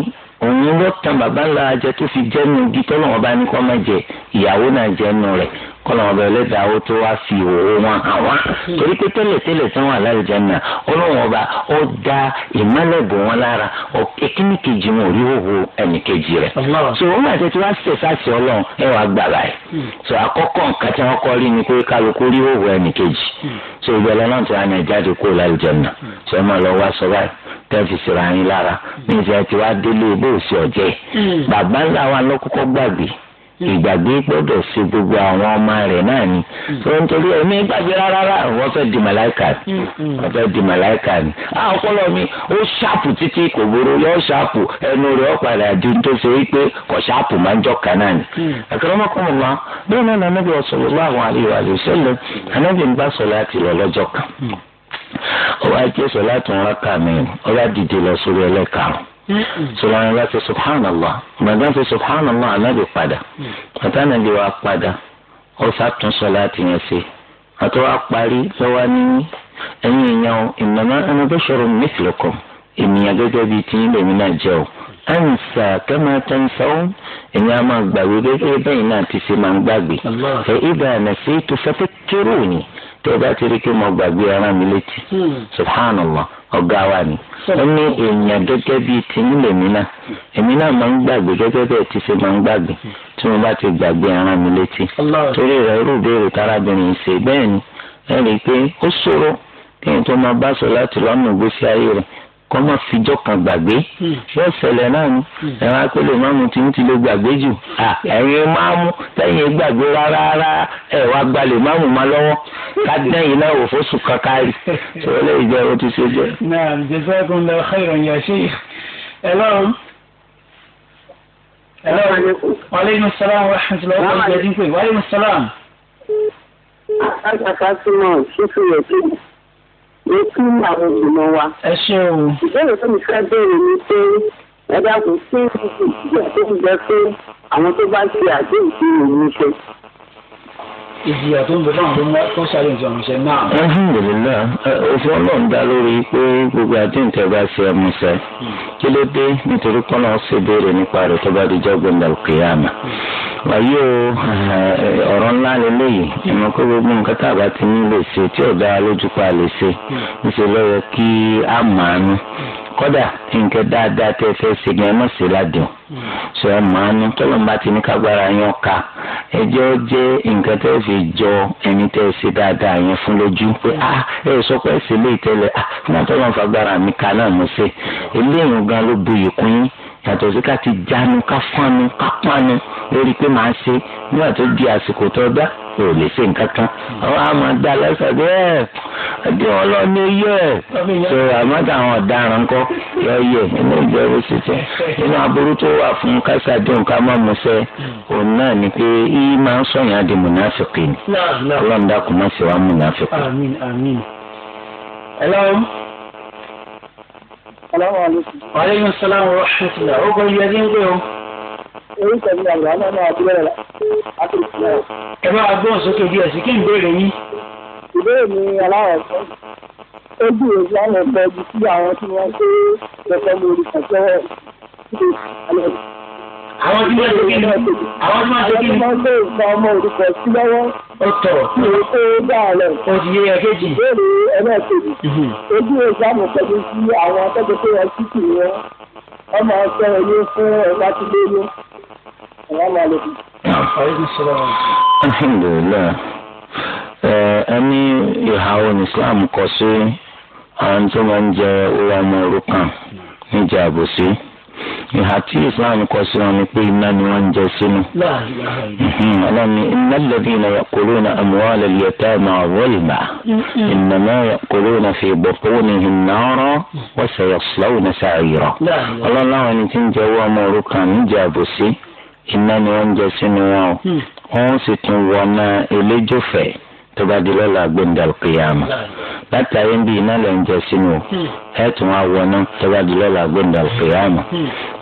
òun ló tan bàbá ńlá ajẹ tó fi jẹ́nu igi tọ́lọ́wọ́n bá ní kó máa jẹ ìyàwó náà jẹ́nu rẹ̀ kọlọ̀ ọ̀bẹ lẹ́dàá ó tó wá fi òwò wọn hàn wá. Hmm. torí pé tẹ́lẹ̀tẹ́lẹ̀ tí wọ́n àlàyé jẹ́ nà ọlọ́run ọba ó da ìmọ̀lẹ́bù wọn lára ẹ̀kíní kejì wọn ò rí òwò ẹnì kejì rẹ̀. so wọn àti tí wọ́n ṣe sáàsì ọlọ́run ẹ wàá gbà báyìí. Hmm. so àkọ́kọ́ nǹkan tí wọ́n kọ́ rí ni pé kálukú rí òwò ẹnì kejì. Hmm. so ìbẹ̀rẹ̀ náà ti wá ní ẹ̀jáde kó láyé jẹ́ so ẹ máa lọ wá sọ báyìí tẹ́ẹ̀fì sira yín lára ní ìṣẹ́ tí wàá délé bó o ọ̀jẹ́ bàbá ńlá wa lọ́kọ́kọ́ gbàgbé ìgbàgbé gbọ́dọ̀ ṣe gbogbo àwọn ọmọ rẹ náà ni wọ́n hmm. torí ní gbàgbé rárá wọ́n fẹ́ di màláìkà ni a hmm, hmm. fẹ́ di màláìkà ni. àkọlọ mi ó ṣàpù títí kò yọ ṣàpù ẹnu tó ṣe kò ṣàpù máa ń náà ni. bí wọ́n àlè sọlá yẹn bá ti subhanallah gbàdá ti subhanallah anábì padà mm. àtànàbì wa padà ó sàtúnṣọ láti yẹn ṣe àti wàá parí lọ́wọ́ ní ẹ̀yìn ìyẹn o innama ana basharun mithlukum ènìyàn gẹ́gẹ́ bíi tiyín lèmi náà jẹ́ o ansa kama tansaun èmi a máa gbàgbé gẹ́gẹ́ bẹ́yìn náà ti ṣe máa ń gbàgbé fa idha nasitu fatakiruni tó o bá ti rí i pé mo gbàgbé ara mi létí hmm. subhanallah ọ̀gá wa ni hmm. ó ní èèyàn gẹ́gẹ́ bíi tìǹbù náà èmi náà máa ń gbàgbé gẹ́gẹ́ bẹ́ẹ̀ ti ṣe máa ń gbàgbé tí mo bá ti gbàgbé ara mi létí torí irú ìbéèrè ṣe bẹ́ẹ̀ ni ẹ rí i pé ó ṣòro kí n kọ́ máa fijọ́ kan gbàgbé hmm. yóò ṣẹlẹ̀ náà ni ẹ̀rọ akọ́lẹ̀ máàmù tí ń ti lè gbàgbé jù ẹ̀yin máàmù tẹ̀yìn gbàgbé rárá ẹ̀ wá gbalẹ̀ máàmù má lọ́wọ́ kádẹ́yìn náà wò fóṣù kankari tó lè jẹ́ o ti ṣe jẹ́. náà jazakumullahu khairan ya sheikh. hello. hello. wa aleykum salaam wa rahmatullahi wa barakatuh. wa aleykum salaam ló fún àwọn ìgbìmọ̀ wa. ẹ ṣe o. ìbéèrè tó mi fẹ́ béèrè ni pé ẹ dákun sí ìdílé tó ń bẹ fún àwọn tó bá ṣe àdéhùn sí òun ṣe. ìjìyà tó ń bẹ fún àwọn tó ń ṣàlẹ̀ ìjọ àmúṣe náà. alhamdulilá òfin ọlọ́run dá lórí pé gbogbo àdéhùn tẹ bá ṣe ẹmúṣẹ hmm. kí ló dé nítorí kọ́nà ó ṣèbéèrè nípa rẹ̀ tó bá di jọ́gbìn wàyí o eh, ọ̀rọ̀ ńlá lélẹ́yìí ẹ̀mọ́ pé gbogbo nǹkan tá a bá ti ní lè ṣe tí ò lè ṣe kí a màánú kódà nǹkan dáadáa tẹ́ fẹ́ ṣe gan ẹ mọ̀ sí ṣe tọ́lọ́mùbá ti ní kágbára yẹn ọ̀ka ẹjọ́ jẹ́ nǹkan tẹ́ fi jọ ẹni tẹ́ ṣe dáadáa yẹn fún lójú pé a ẹ sọ pé ẹ ṣe lé ìtẹ́lẹ̀ fún mi kà náà ṣe eléyìí gan ló yín yàtọ̀ sí ká ti jánu ká fánu ká pánu lórí pé màá ṣe nígbà tó di àsìkò tó dá ò lè ṣe nǹkan kan àwọn àmọ́ dá lọ́sàn-án bí ẹ̀ ẹdí ọlọ́ni yẹ ẹ̀ ṣe àmọ́tà àwọn ọ̀daràn kọ́ yọ yẹ inú ìjọba sì tẹ̀ inú aburú tó wà fún kásádùn ká má musẹ́ òun náà ni pé yìí máa ń sọ̀yìn àdì múnáfìkì ni ọlọ́run dákun má ṣe wá múnáfìkì. àmín àmín. Wàlẹ́yìn Sọ́lámù Rọ́ṣùtìlá, ó gbọ́ yẹ ní ń gbé o. Orúkọ mi àgbà náà máa bí lọ́la. Ẹ bá agbóhùn sókè díẹ̀ sí kí n béèrè yín. Ìbéèrè mi aláwọ̀ ọ̀sán. Ó gbìyànjú sí àwọn ọ̀pọ̀ ibi sí àwọn tí wọ́n ṣe lọ́sọ̀mù orí kan àwọn tí wọ́n ṣe kí ni àwọn tí wọ́n ṣe kí ni. wọ́n ṣe nǹkan ọmọ orúkọ sí lọ́wọ́. ó tọ̀. mi ò kó dáa lọ. o ti yé ẹ kéjì. béèrè ẹlẹ́ẹ̀kejì. ojú ìsàmù pẹ̀lú sí àwọn akẹ́kọ̀ọ́ tó wọ́n títì wọn. ọmọ ọ̀sẹ̀ ẹ̀yẹ fún ẹ̀ka ti lé ní. alhamdulilayi ẹni ìhàwọ̀ ní islam kọ sí àwọn tó máa ń jẹ owó ọmọ òrukàn níjà àbòsí ìhà tí islam kọ sí wọn ni pé iná ni wọn ń jẹ sínú. ọlọ́ni iná lẹ́bí iná yàkóró na àmúwá lẹ́lẹ́ tá a máa wọ́lì bá. iná máa yàkóró na fi bọ̀pọ̀ ní ìnáwó wọ́n sẹ̀yọ̀ fúláwù ní sàáyìrọ̀. ọlọ́ni àwọn ẹni tí ń jẹ́ wọ́n ọmọ òrukàn níjà àbòsí iná ni wọ́n ń jẹ sínú wọn o. Hmm. wọ́n sì tún wọ́n náà eléjòfẹ́ tọba di lọ́la gbẹ̀ndà kìyàmù látàrí bí iná lè ń jẹ sínú o hmm. ẹ tún wá wọnú tọba di lọ́la gbẹ̀ndà kìyàmù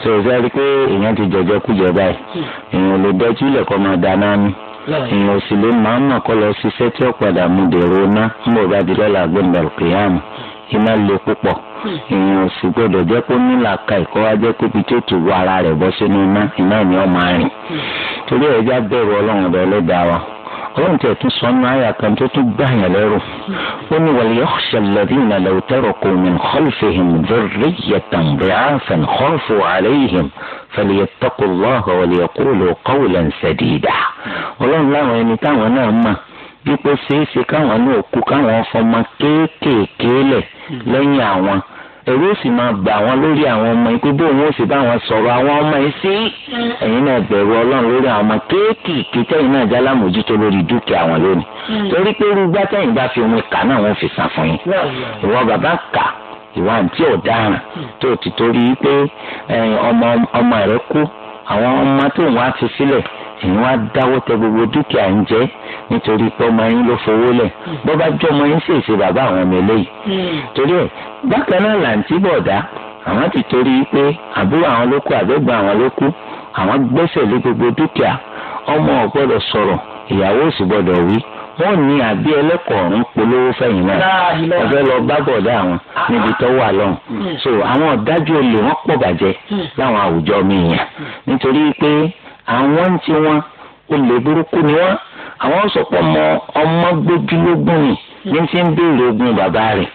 tó hmm. o sáré pé èèyàn ti jẹjẹ kújẹ báyìí hmm. èèyàn lè dẹ́jú ilẹ̀ kọ́ máa dáná ní èèyàn ò sì lè máa ń nàkọ́ lọ ṣiṣẹ́ tí ó padà mú dèrò ná ń bọ̀ bá di lọ́la gbẹ̀ndà kìyàmù iná le púpọ̀ èèyàn ò sì gbọdọ̀ jẹ́ kó nílà ka ìkọ́ wa jẹ́ pé ibi tí ó ti wọ ara rẹ̀ bọ́ sínú iná iná ni ó máa rìn torí ẹ̀ já bẹ̀rù ọlọ́run rẹ̀ ló wa. أقرنت يا معي أقرنت يا ليرو قل وليخشى الذين لو تركوا من خلفهم ذرية ضعافا خافوا عليهم فليتقوا الله وليقولوا قولا سديدا والله الله يعني كان وانا بيقول سيسي كان وانا كان وانا فما كي كي كي لن يعوان eru sì máa gba wọ́n lórí àwọn ọmọ yìí pé bóun ó sì bá wọn sọrọ àwọn ọmọ yìí sí ẹ̀yin náà bẹ̀rù ọlọ́run lórí àwọn ọmọ kéékèèké tẹ̀yin náà já lámòjútó lórí dúkìá wọn lónìí hmm. torí pé irú gbá tẹ̀yin bá fi omi kà náà fi san fún yín hmm. ìwọ bàbá kà ìwà àǹtí ọ̀daràn ti torí pé ọmọ ọmọ rẹ kú àwọn ọmọ tó ìwọ́n á dáwọ́ tẹ gbogbo dúkìá ń jẹ́ nítorí pé ọmọ yín ló fowó lẹ̀ bó bá jọ ọmọ yín sì ṣe bàbá àwọn ọmọ eléyìí. torí ẹ bákan náà làǹtí bọ̀dá àwọn ti torí pé àbúrò àwọn ló kú àbẹ́gbọ́n àwọn ló kú àwọn gbẹ́sẹ̀ lé gbogbo dúkìá ọmọ ò gbọ́dọ̀ sọ̀rọ̀ ìyàwó sì gbọ́dọ̀ wí wọ́n ní àbí ẹlẹ́kọ̀ọ́ ń polówó fẹ̀yìn náà ọ̀fẹ́ lọ bá bọ̀dá àwọn níbi tó wà lọ́hùn so àwọn ọ̀dájú olè wọ́n pọ̀ bàjẹ́ láwọn àwùjọ mi nítorí pé àwọn ń ti wọn olè burúkú ni wọn àwọn sọpọ mọ ọmọ gbójúlógún ni ní ti ń béèrè ogún bàbá rẹ̀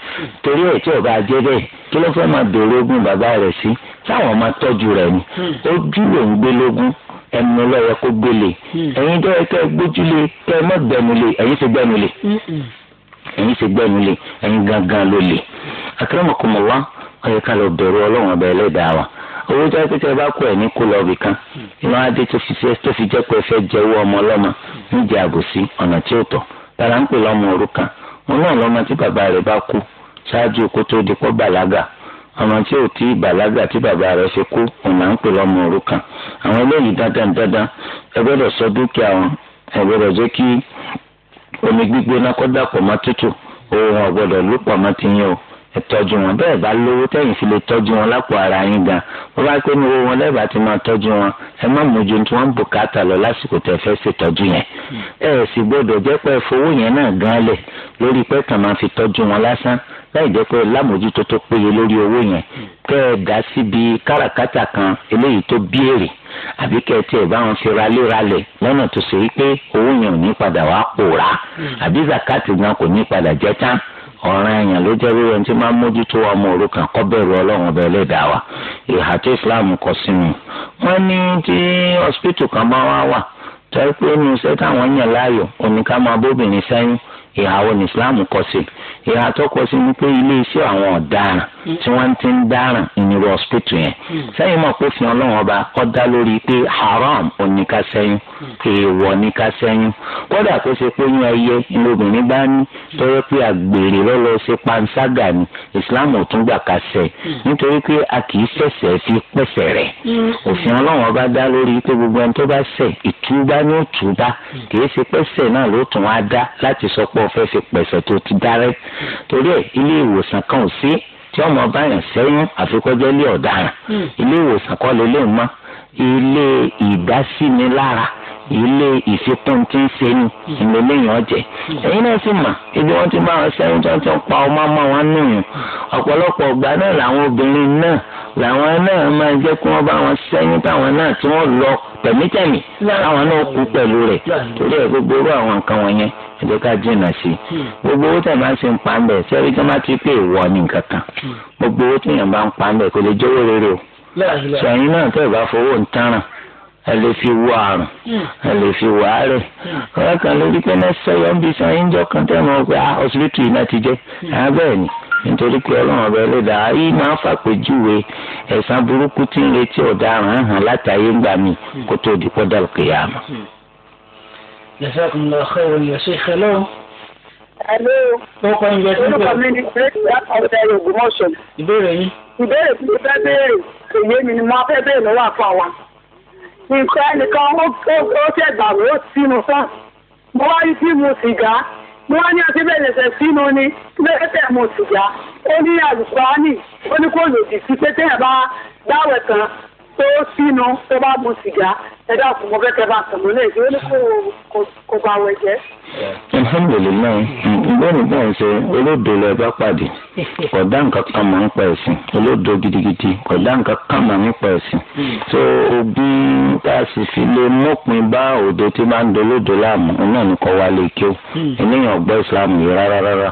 torí ẹ̀ tí ọba jẹ́ bẹ́ẹ̀ kí ló fẹ́ máa béèrè ogún bàbá rẹ̀ sí táwọn máa tọ́jú rẹ̀ ni hmm. ojú ló ń gbé lógún ẹnu lọ́yẹ kó gbélé hmm. ẹ̀yin dẹ́yẹ kẹ́ gbójúlé kẹ́ mọ́ gbẹnulé ẹ̀yin ti gbẹnulé ẹ̀yin ti gbẹnulé ẹ̀yin gangan ló lè akérèmọkùnmọ̀ wá ọ̀yẹ́ká lọ bẹ̀rù ọlọ́run ọba ẹlẹ́dàá wa. owó jẹ́ pé tẹ́ bá kọ ẹ̀ ní kó lọ́ọ̀bì kan inú adé tó fi jẹ́ pé fẹ́ jẹ́ owó ọmọ ọlọ́mọ níjẹ́ àbòsí ọ̀nà tí ó tara ń pè lọ́mọ òrukàn wọn náà lọ́mọ tí bàbá rẹ̀ bá kú ṣáájú kó tó di bàlágà ọmọ tí ò tí bàlágà tí bàbá rẹ̀ fi kú ọ̀nà ń pè lọ́mọ òrukàn àwọn eléyìí dandan dandan ẹ gbọ́dọ̀ sọ dúkìá wọn ẹ gbọ́dọ̀ jẹ́ kí omi gbígbóná kọ́ dàpọ̀ ti ẹ tọ́jú wọn bẹ́ẹ̀ bá lówó tẹ́yìn fi lè tọ́jú wọn lápò ara yín gan wọ́n bá pé ní owó wọn lẹ́bàá ti máa tọ́jú wọn ẹ má mójú tí wọ́n ń bùkátà lọ lásìkò tẹ́ fẹ́ ṣètọ́jú yẹn ẹ sì gbọ́dọ̀ jẹ́ pé fowó yẹn náà gan lẹ̀ lórí pé kàn máa fi tọ́jú wọn lásán láì jẹ́ pé lámòjútó tó péye lórí owó yẹn kẹ́ ẹ dá síbi káràkátà kan eléyìí tó bí èrè àbí kẹ́ ẹ tiẹ̀ bá wọn fi ralé ralẹ̀ lọ́nà tó ṣe wípé owó yẹn ò ní padà wá pòórá hmm. àbí zakati gan kò ní padà jẹ́ tán ọ̀ràn èèyàn ló jẹ́ wíwẹ̀ tí máa ń mójútó ọmọ òrukàn kó ọlọ́run ọbẹ̀ lè wa ìhà tí islam kọ sínú. wọ́n ní tí hospital kan bá wá wà tó ẹ pé inú iṣẹ́ táwọn yàn láàyò òní ká máa bóbìnrin sẹ́yìn ìhàwọ̀ ní islam kọ sí ìhà tó kọ sí ni pé ilé iṣẹ́ àwọn ọ̀daràn mm. tí wọ́n ti ń dáràn nírú ọ̀sìpìtì yẹn hmm. sẹ́yìn mọ̀ pé fìyàn ọlọ́run ọba ó dá lórí pé haram oníka sẹ́yìn hmm. èèwọ̀ níka sẹ́yìn kódà kó ṣe pé yín ẹyẹ lóbìnrin bá ní tọ́yọ́ pé àgbèrè lọ́lọ́ ṣe panṣágà ni Islam ò tún gbà ká sẹ́ hmm. nítorí pé a kì í ṣẹ̀ṣẹ̀ fi pẹ̀sẹ̀ rẹ̀ òfin ọlọ́run ọba dá lórí pé gbogbo ẹni tó bá ṣẹ̀ ìtúbá ní òtúbá kì í ṣe pẹ̀sẹ̀ náà ló tún wá dá láti sọ pé ọ tí ọmọ báyìí sẹ́yìn àfikọ́jọ́ lé ọ̀daràn hmm. ilé ìwòsàn kọ́ lélẹ́yìn mọ́ ilé ìdásínilára ilé ìfikún tí ń ṣe ni ìlú lẹ́yìn ọ̀jẹ̀ ẹ̀yin náà sì mà ibi wọ́n ti máa sẹ́yìn tí wọ́n ti ń pa ọmọ ọmọ wọn nùyàn ọ̀pọ̀lọpọ̀ ọ̀gbà náà làwọn obìnrin náà làwọn náà máa jẹ́ kí wọ́n bá wọn sẹ́yìn táwọn náà tí wọ́n lọ tẹ̀mítẹ̀mí táwọn náà kú pẹ̀lú rẹ̀ torí ẹ̀ gbogbo irú àwọn nǹkan wọ̀nyẹn ẹjọ́ ká jìnnà sí gbogbo owó tẹ̀ máa ń ń pa ń bẹ̀ sẹ́rí tí wọ́n ti pè wọ ní nǹkan kan gbogbo owó tẹ̀yàn bá ń pa ń bẹ̀ kò lè jówó rere o sẹ́yìn náà tẹ̀ bá fowó ń tán ràn ẹ lè fi wo àrùn hmm. ẹ lè fi wo àárẹ̀ hmm. ọ̀rẹ́ kan lórí pé náà sọ̀yọ́ ń bi sàn yín jọ kan tẹ́ wọn pé ọ̀sibítù ah, yìí náà ti jẹ́ hmm. abẹ́ẹ̀ ah, ni nítorí pé ọlọ́run ọba ẹlẹ́dà ayé máa ń fàpèjúwe ẹ̀san burúkú tí ń retí ọ̀daràn hàn látàyé ńgbà mi kó tó di pọ́dà kìyàmù. jazakumullahu khairan ya sheikh Hello. Orúkọ mi bẹ̀rẹ̀ sí Orúkọ Ìbéèrè yín. Ìbéèrè tí fẹ́ béèrè nǹkan ẹnìkan ó ṣẹ̀ gbàgbé ó sínú tán mo wá rí sí mu sìgá mo wá ní ọtí bẹ́ẹ̀ lẹ̀sẹ̀ sínú ni lẹ́sẹ̀ mu sìgá ó ní àlùkò ánì ó ní kó lòdì sí pé téèyàn bá dáwẹ̀ tán tó sínú tó bá mu sìgá ẹ dákun mo fẹ́ kẹ́ bá sọ̀rọ̀ náà ìṣòro ní kò kò bá wẹ̀ jẹ́. alhamdulilayi ìbéèrè bá ń ṣe olódo lọ bá pàdé kódà nǹkan kan mọ̀ nípa ẹ̀sìn olódo gidigidi kódà nǹkan kan mọ̀ nípa ẹ̀sìn tó òbí tá a sì fi lè mọ́pin bá òdo tí máa ń dolódo láàmú náà ní kọ́ wa lè kí o ènìyàn ọgbọ́ ìsìlámù yìí rárá rárá.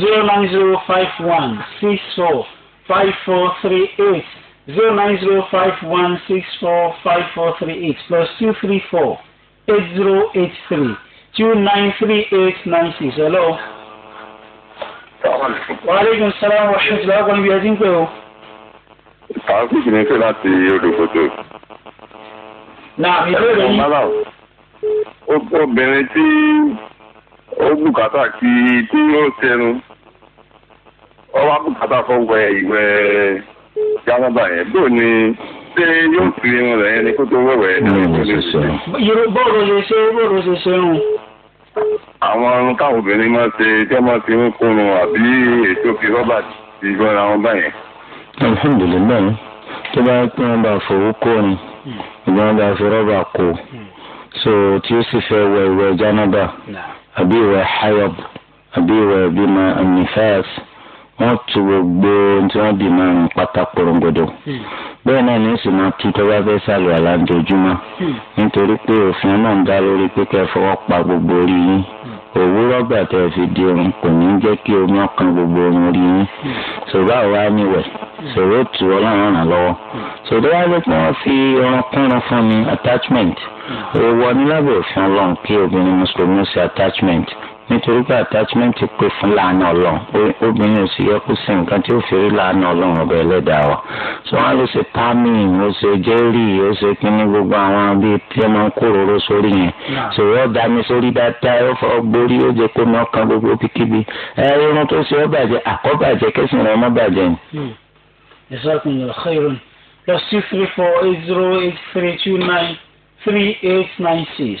zero nine zero five one six four five four three eight zero nine zero five one six four five four three eight plus two three four eight zero eight three two nine three eight nine six hello. waaleykum salaam wa rahmatulah ọkọ níbi ẹtí ń pè o. tàbí kìíní pé láti olùkótó. náà ìbéèrè yìí. obìnrin tí ó bùkátà kí tí ó ṣẹnu ó wá bùkátà fọwọ́ ìwẹ̀. gálábà yẹn bó ni ṣé yóò fi irun rẹ̀ ni kó tó wẹ̀wẹ̀ bọ́ọ̀rù ṣe ṣe bọ́ọ̀rù ṣe ṣe rùn. àwọn ọrùn táwọn obìnrin máa ṣe tí wọ́n ti ń kúrun àbí ètò fi rọ́bà ti gbọ́ra wọn báyẹn. alhamdulilayi tó bá yẹ kí wọ́n bá fowó kó ni ìgbà wọn bá fi rọ́bà kó so tí ó sì fẹ́ wẹ̀ ìwẹ̀ jánábà àbí ìwẹ̀ hayab àbí ìwẹ̀ bímọ wọ́n tu gbogbo tí wọ́n dì máa ń pátá korongodo hmm. bẹ́ẹ̀ náà ní sì máa tu tó bá fẹ́ sàlù àlàjojúmọ́ hmm. nítorí pé òfin náà ń dá lórí pé kẹ́ fọwọ́ pa gbogbo orí yín hmm. òwúrọ̀ gbà tẹ́ ẹ fi di irun kò ní jẹ́ kí omi ọkàn gbogbo irun orí yín ṣòwò àwa níwẹ̀ ṣòwò tù ọ́ láwọn ràn lọ́wọ́ ṣòwò wá ló pé fi irun fún mi attachment èèwọ̀ ní lábẹ́ òfin ọlọ́run kí obìnrin mùsùlùmí ṣe attachment nítorí pé attachment pè fún làánà ọlọ́run pé obìnrin ò sì yẹ kó sin nǹkan tí ó fi rí làánà ọlọ́run ọbẹ̀ ẹlẹ́dàá wa so wọ́n lè ṣe palmin ó ṣe jẹ́rì ó ṣe kínní gbogbo àwọn bíi tí wọ́n máa ń kóróró sórí yẹn so yóò dá mi sórí dáadáa yóò fọ́ gborí ó jẹ pé mi ọkàn gbogbo kíkíbi ẹ irun tó ṣe ọ bàjẹ́ àkọ́bàjẹ́ kẹ́sìn rẹ̀ mọ́ bàjẹ́ ni. Hmm. jazakumullahu khairan plus two three four eight zero eight three two nine three eight nine six.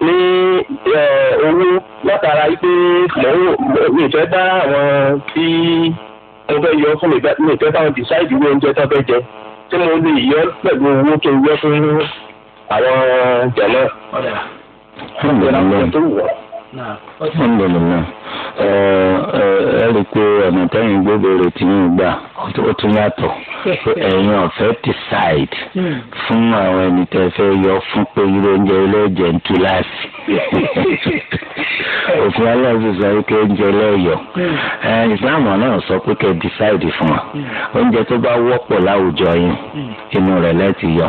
ní owó látara pé mò ń ìfẹ́ bá àwọn tí mo fẹ́ yọ fún mi ìfẹ́ báwọn decide ìwé oúnjẹ tó fẹ́ jẹ tí mo lè yọ pẹ̀lú owó tó yọ fún àwọn jẹ̀mọ́ alhamdulilayi ẹ ẹ rí i pé ọ̀nà tẹ́yìn gbẹ́bẹ̀rẹ̀ tí yín gbà ó tún yàtọ̀ ẹ̀yin ọ̀fẹ́ ti ṣáìdì fún àwọn ẹni tẹ́ fẹ́ yọ fún pé irú oúnjẹ ẹlẹ́jẹ̀ ń tú láàsì òfin aláàbò sọ pé oúnjẹ lẹ́yọ̀ ìsìláàmù hmm. náà sọ pé kẹ́ dísáìdì fún wa hmm. oúnjẹ tó bá wọ́pọ̀ láwùjọ yín hmm. inú rẹ̀ lẹ́ẹ̀tì yọ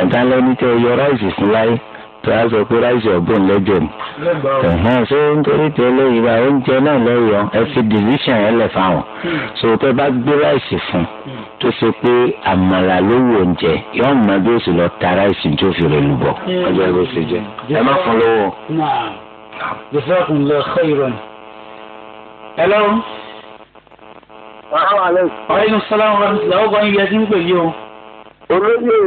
ẹ̀dá lẹ́ni tẹ́ yọ ráìsì fún láyé tí a sọ pé ráìsì ọ̀gbọ́n lẹ́jọ́ ni. ẹ̀hán ṣé nítorí tí eléyìí bá oúnjẹ náà lẹ́yọ̀ ẹ fi decision yẹn lẹ̀ fáwọn. so tẹ bá gbé ráìsì fún tó ṣe pé àmàlà ló wò ń jẹ yóò mọ bí ó sì lọ ta ráìsì tó fi rẹ̀ lù bọ̀. ọjọ́ ìbò ṣe jẹ ẹ má fún lówó. hello. wàhálà lẹ́yìn. ọ̀rẹ́ inú sọ́lá ń rọrùn sílẹ̀ ó gbọ́ ibi olóyè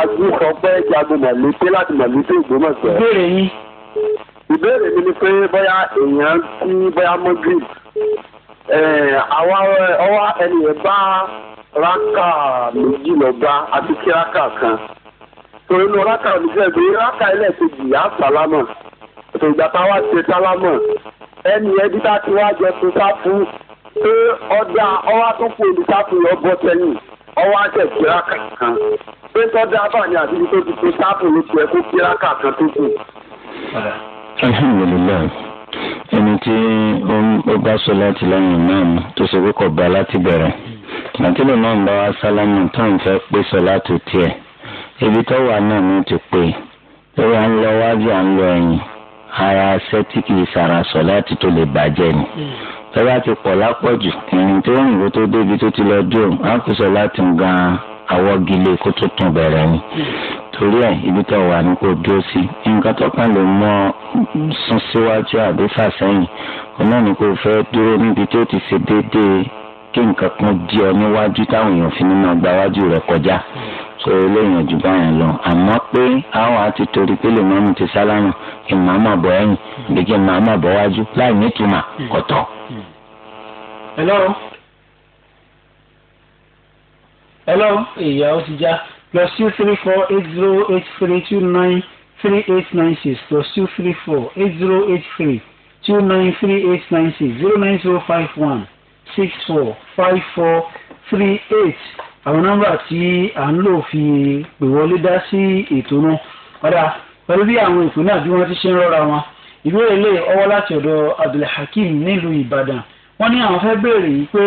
agbókọ̀ọ́pẹ́ jagun mọ̀lẹ́tẹ́ láti mọ̀lẹ́tẹ́ ìgbọ́mọ̀sẹ̀. ìbéèrè yín. ìbéèrè mi ni pé bóyá èèyàn kí bóyá mọ́gì àwa ọwọ́ ẹnìyẹn bá rákà méjì lọ bá àti kí rákà kan tó inú rákà méjì ẹgbẹ́ rákà ẹlẹ́ẹ̀kejì á sálámà ètò ìgbà táwa ṣe sálámà ẹnìyẹn bí tá a ti wá jẹ fún sáfù pé ọjà ọwọ́ àtúnkù olùsáfù yọ bọ́ sẹ́yìn. ọwọ́ àjẹ́ kíráàkà kan pé tọ́jà bá ní àbí tó ti tó sáàpù ló ti kó kíráàkà kan tó kù. alhamdulilayi ẹni tí ó bá sọ náà tó ṣe kókò bá láti bẹ̀rẹ̀ náà ń bá wa sálámù náà ni ti wà ń lọ ara láti tó lè bàjẹ́ ni. ẹ bá ti pọ̀ lápọ̀jù ìrìn tó rìn kó tó débi tó ti lọ jó á kó sọ láti gan awọ́gilé kó tó tún bẹ̀rẹ̀ ni torí ẹ̀ ibi tó wà ní kó dúró sí nǹkan tó kàn lè mọ sún síwájú àbí fà sẹ́yìn ọ̀nà ni kò fẹ́ dúró níbi tó ti ṣe déédéé kí nǹkan kan jẹ́ ọ níwájú táwọn èèyàn fi ní máa gba kọjá so eléyìí ò báyìí lọ àmọ́ pé àwọn àti torí pé lè máa ti sálámù kí màá bọ̀ ẹ̀yìn bí kí màá bọ̀ wájú láì nítumà kọ̀tọ̀ hello hello ìyá ó ti já plus two three four eight zero eight three two nine three eight nine six plus two three four eight zero eight three two nine three eight nine six zero nine zero five one six four five four three eight àwọn nọ́mbà tí à ń lò fi pè wọlé dá sí ètò náà padà pẹ̀lú bí àwọn ìpín náà bí wọ́n ti ṣe ń rọra wọn ìbéèrè lè ọwọ́ láti ọ̀dọ̀ Abdulhakeem nílùú Ìbàdàn wọ́n ní àwọn fẹ́ béèrè yìí pé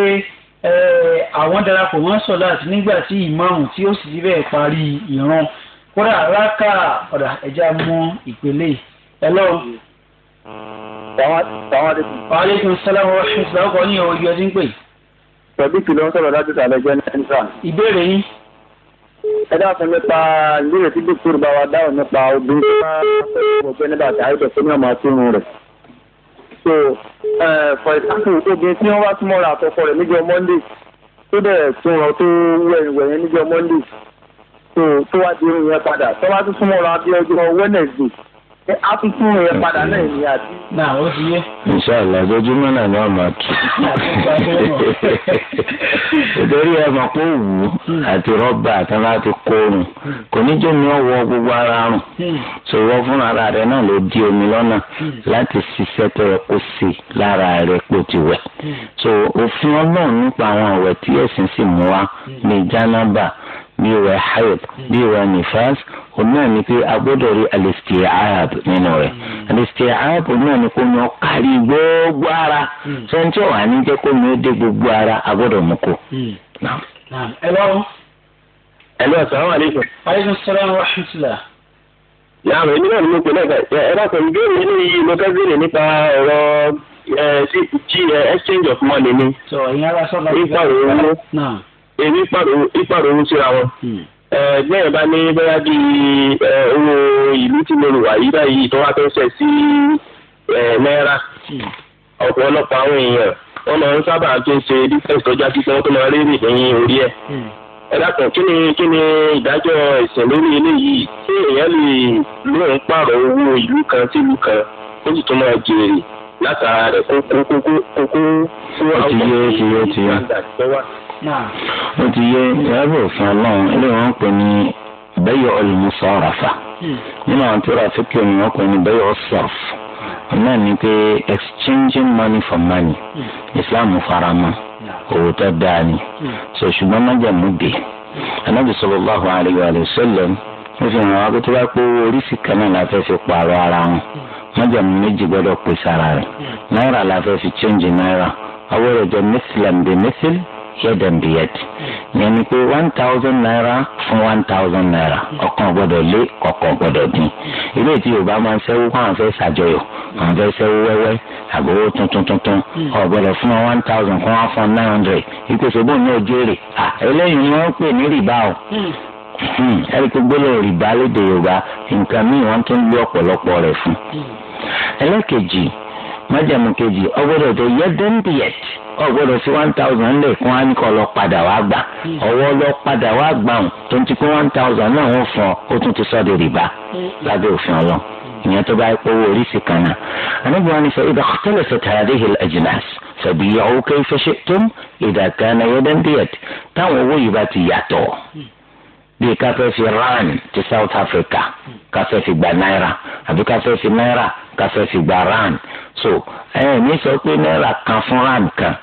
àwọn darapọ̀ mọ́ sọ̀láàt nígbà tí ìmáàmù tí ó sì ti bẹ́ẹ̀ parí ìran kódà rákà ọ̀dà ẹja mọ́ ìpele ẹ̀lọ́. Aleykum salaam wa rahmatulah ọkọ ní ọjọ́ tí ń pè. Pẹ̀lú ìkìlọ̀ ń sọ̀rọ̀ láti sàlẹ̀ jẹ́ ní ẹ̀ńtà. Ìbéèrè yín. Ẹ dáhùn nípa ìbéèrè tí Dókítà bá wa dáhùn nípa obìnrin tó bá fẹ́ fún ọgbẹ́ nígbà tí àìsàn fún ọmọ àti irun rẹ̀ so eh, for example obìnrin tí wọ́n bá tún mọ́ra àtọ̀kọ rẹ̀ níjọ́ monday tó dẹ̀ tún rọ tó wẹ̀yìnwẹ̀ yẹn níjọ́ monday tó tó wá di irun yẹn padà tó bá tún súnmọ́ra bí ọjọ́ wednesday a tún fún ẹ padà náà ní àti. náà ó ti yé. inṣàlá ojoojúmọ́ náà ni wọ́n máa tù. nítorí ẹ mọ̀ òwú àti rọ́bà àti ńlá ti kó oorun kò ní jẹ́ mi ọwọ́ gbogbo ara rùn ṣòwò fún ara rẹ náà ló di omi lọ́nà láti ṣiṣẹ́ tó yẹ kó ṣe lára rẹ kó ti wẹ̀. so òfin ọlọ́run nípa àwọn ọ̀wẹ̀ tí ẹ̀sìn sì mú wa ní jánábà bí ìwẹ̀ hayd bí ìwẹ̀ nifas òun náà ni pé a gbọ́dọ̀ rí alistiaab nínú rẹ̀ hmm. alistiaab náà ni kó ní ọ kárí gbogbo ara sọ́ńtì ọ̀hún àní jẹ́ kó ní ó dé gbogbo ara a gbọ́dọ̀ mú kó. ẹ lọ́rùn. ẹ lọ́rùn sàlámù aleykum. aleykum salaam wa rahmatulah yàrá èmi náà ni mo pè lẹ́ẹ̀ka ẹ dákọ̀ ìbéèrè nínú iye mo fẹ́ béèrè nípa ọ̀rọ̀ exchange of money ni. sọ ìyẹn ara sọ́dọ̀ ìgbà wo. èmi ìpàrọ̀ owó síra wọn. bẹ́ẹ̀ hmm. bá ní bóyá bí owó ìlú tí mo lò wá yí báyìí tó wá tó ń ṣẹ̀ sí náírà hmm. ọ̀pọ̀lọpọ̀ àwọn èèyàn wọ́n máa ń sábà tún ṣe difference tọ́jà sí pé wọ́n tó máa rí orí ẹ̀. Hmm. ẹ dákun kí ni kí ni ìdájọ́ ẹ̀sìn lórí eléyìí tí èèyàn lè lóun pààrọ̀ kan sí ìlú kan ó sì tún máa jèrè látara rẹ̀ kókó kókó ó ti yẹ lábẹ́ òfin ọlọ́run eléyìí wọ́n ń pè ní bẹ́yọ̀ olùmúsọ̀ràfà hmm. nínú àwọn tó rà fẹ́kẹ́ omi wọ́n pè ní bẹ́yọ̀ sọ̀f náà ni pé exchanging money for money hmm. Islam faramọ́ owó tó dáa ni hmm. so ṣùgbọ́n májàmú dé anábì sallallahu alayhi wa sallam ó fi hàn bá pé owó oríṣi kan náà fi pààrọ̀ ara wọn májàmú méjì gbọ́dọ̀ pèsè ara rẹ̀ náírà fi change náírà yẹ̀dẹ̀n bí yẹ̀d yẹn ni pé one thousand naira fún one thousand naira ọ̀kan gbọ́dọ̀ lé ọ̀kan gbọ́dọ̀ dín ilé tí yorùbá máa ń sẹ́wó kó àwọn fẹ́ ṣàjọyọ̀ àwọn fẹ́ sẹ́wó wẹ́wẹ́ àbówó tuntun tuntun ọ̀gbọ́dọ̀ fún wọn one thousand kó wọn fún nine hundred ìpèsèbó ní òjèrè eléyìí ni wọ́n pè ní rìbá o hmm. hmm. ẹ̀rí pé gbọ́dọ̀ rìbá lédè yorùbá nǹkan míì wọ́n tún gbé ọ̀pọ̀lọpọ̀ rẹ̀ fún hmm. ẹlẹ́kejì májàmú kejì ọgbọ́dọ̀ tó yẹ dẹ́ńdìyẹt ọgbọ́dọ̀ sí one thousand lè fún àníkọ́ lọ padà wá gbà ọwọ́ lọ padà wá gbà hàn tó ń ti pé one thousand náà ń fún ọ ó tún ti sọ di rìbá lábẹ́ òfin ọlọ́ ìyẹn tó bá pọ̀wọ́ oríṣi kan náà àníbi wọn ni sọ ìdá tẹ́lẹ̀ sọ tààdé hill ajinas tàbí ìyàwó kẹfẹ́ ṣe tó ń ìdá kan yẹ dẹ́ńdìyẹt táwọn owó yìí bá ti yàtọ̀ bíi káfẹ́ fi rand ti South Africa káfẹ́ fi gba náírà àbí káfẹ́ fi náírà kásẹ̀ fi gba rand so ẹ̀yìn mi sọ pé náírà kan fún rand kan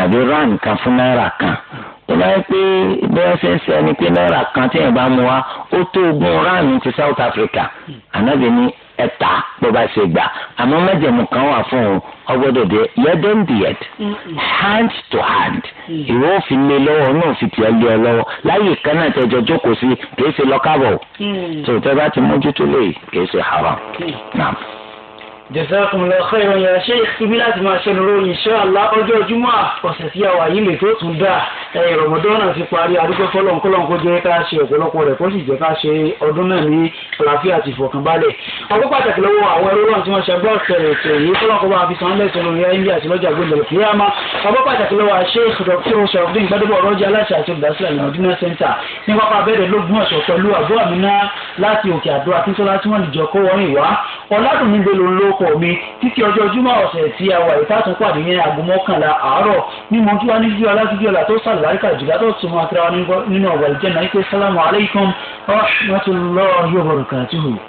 àbí rand kan fún náírà kan ó náà pé bẹ́ẹ̀ ṣe ń sọ ni pé náírà kan tí yẹn bá mu wá ó tó ogún rand ti South Africa ànábì ní ẹ̀ta bó bá ṣe gbà àmọ́ mẹ́jẹ̀mú kan wà fún un ọgbọ́dọ̀ dé yẹ́dẹ́ǹdìyẹ́d hand to hand ìwọ òfin lé lọ́wọ́ náà òfin tiẹ̀ lé ọ lọ́wọ́ láyé kan náà tẹ̀jọ́ jókòó sí kìí ṣe lọ́kàbọ̀ tó hmm. tẹ́ bá ti mójútó lè kìí ṣe haram. Hmm jazakumullahu khairan ya sheikh ibi láti máa ṣe lóró insha Allah ọjọ́ ojúmọ́ ọ̀sẹ̀ tí àwa yìí lè tó tún dà ẹ̀yìn rọ̀mọdọ́nà ti parí àdúgbò fọlọ́nkọlọ́n kó jẹ́ ká ṣe ọ̀pọ̀lọpọ̀ rẹ̀ kó sì jẹ́ ká ṣe ọdún náà ní àlàáfíà àti ìfọ̀kànbalẹ̀. ọdún pàtàkì lọ́wọ́ àwọn ẹrú ọlọ́run tí wọ́n ṣe gbọ́ ọ̀sẹ̀rẹ̀ ètò èyí fọlọ́nkọ bá fi sàn lẹ́sìn lórí ayé àti lọ́jà gbọ́dọ̀ kíyàmá. ọdún pàtàkì lọ́wọ́ sheikh dr sharafdin gbadebo ọ̀rọ̀jà aláṣẹ àti olùdásílẹ̀ àlẹ́ ọkọ mi títí ọjọ́ júmọ́ ọ̀sẹ̀ tí a wà ìtàtún pàdé ní aago mọ́kànlá àárọ̀ ní mo tí wá ní fífi ọlágídí ọ̀la tó sàlùbáríkà jùlá tó tún máa kíra wa nínú ọ̀gbà ìjẹ́nà ìpè sálámù aláìkùm rahmatulahi wa barakatuhu.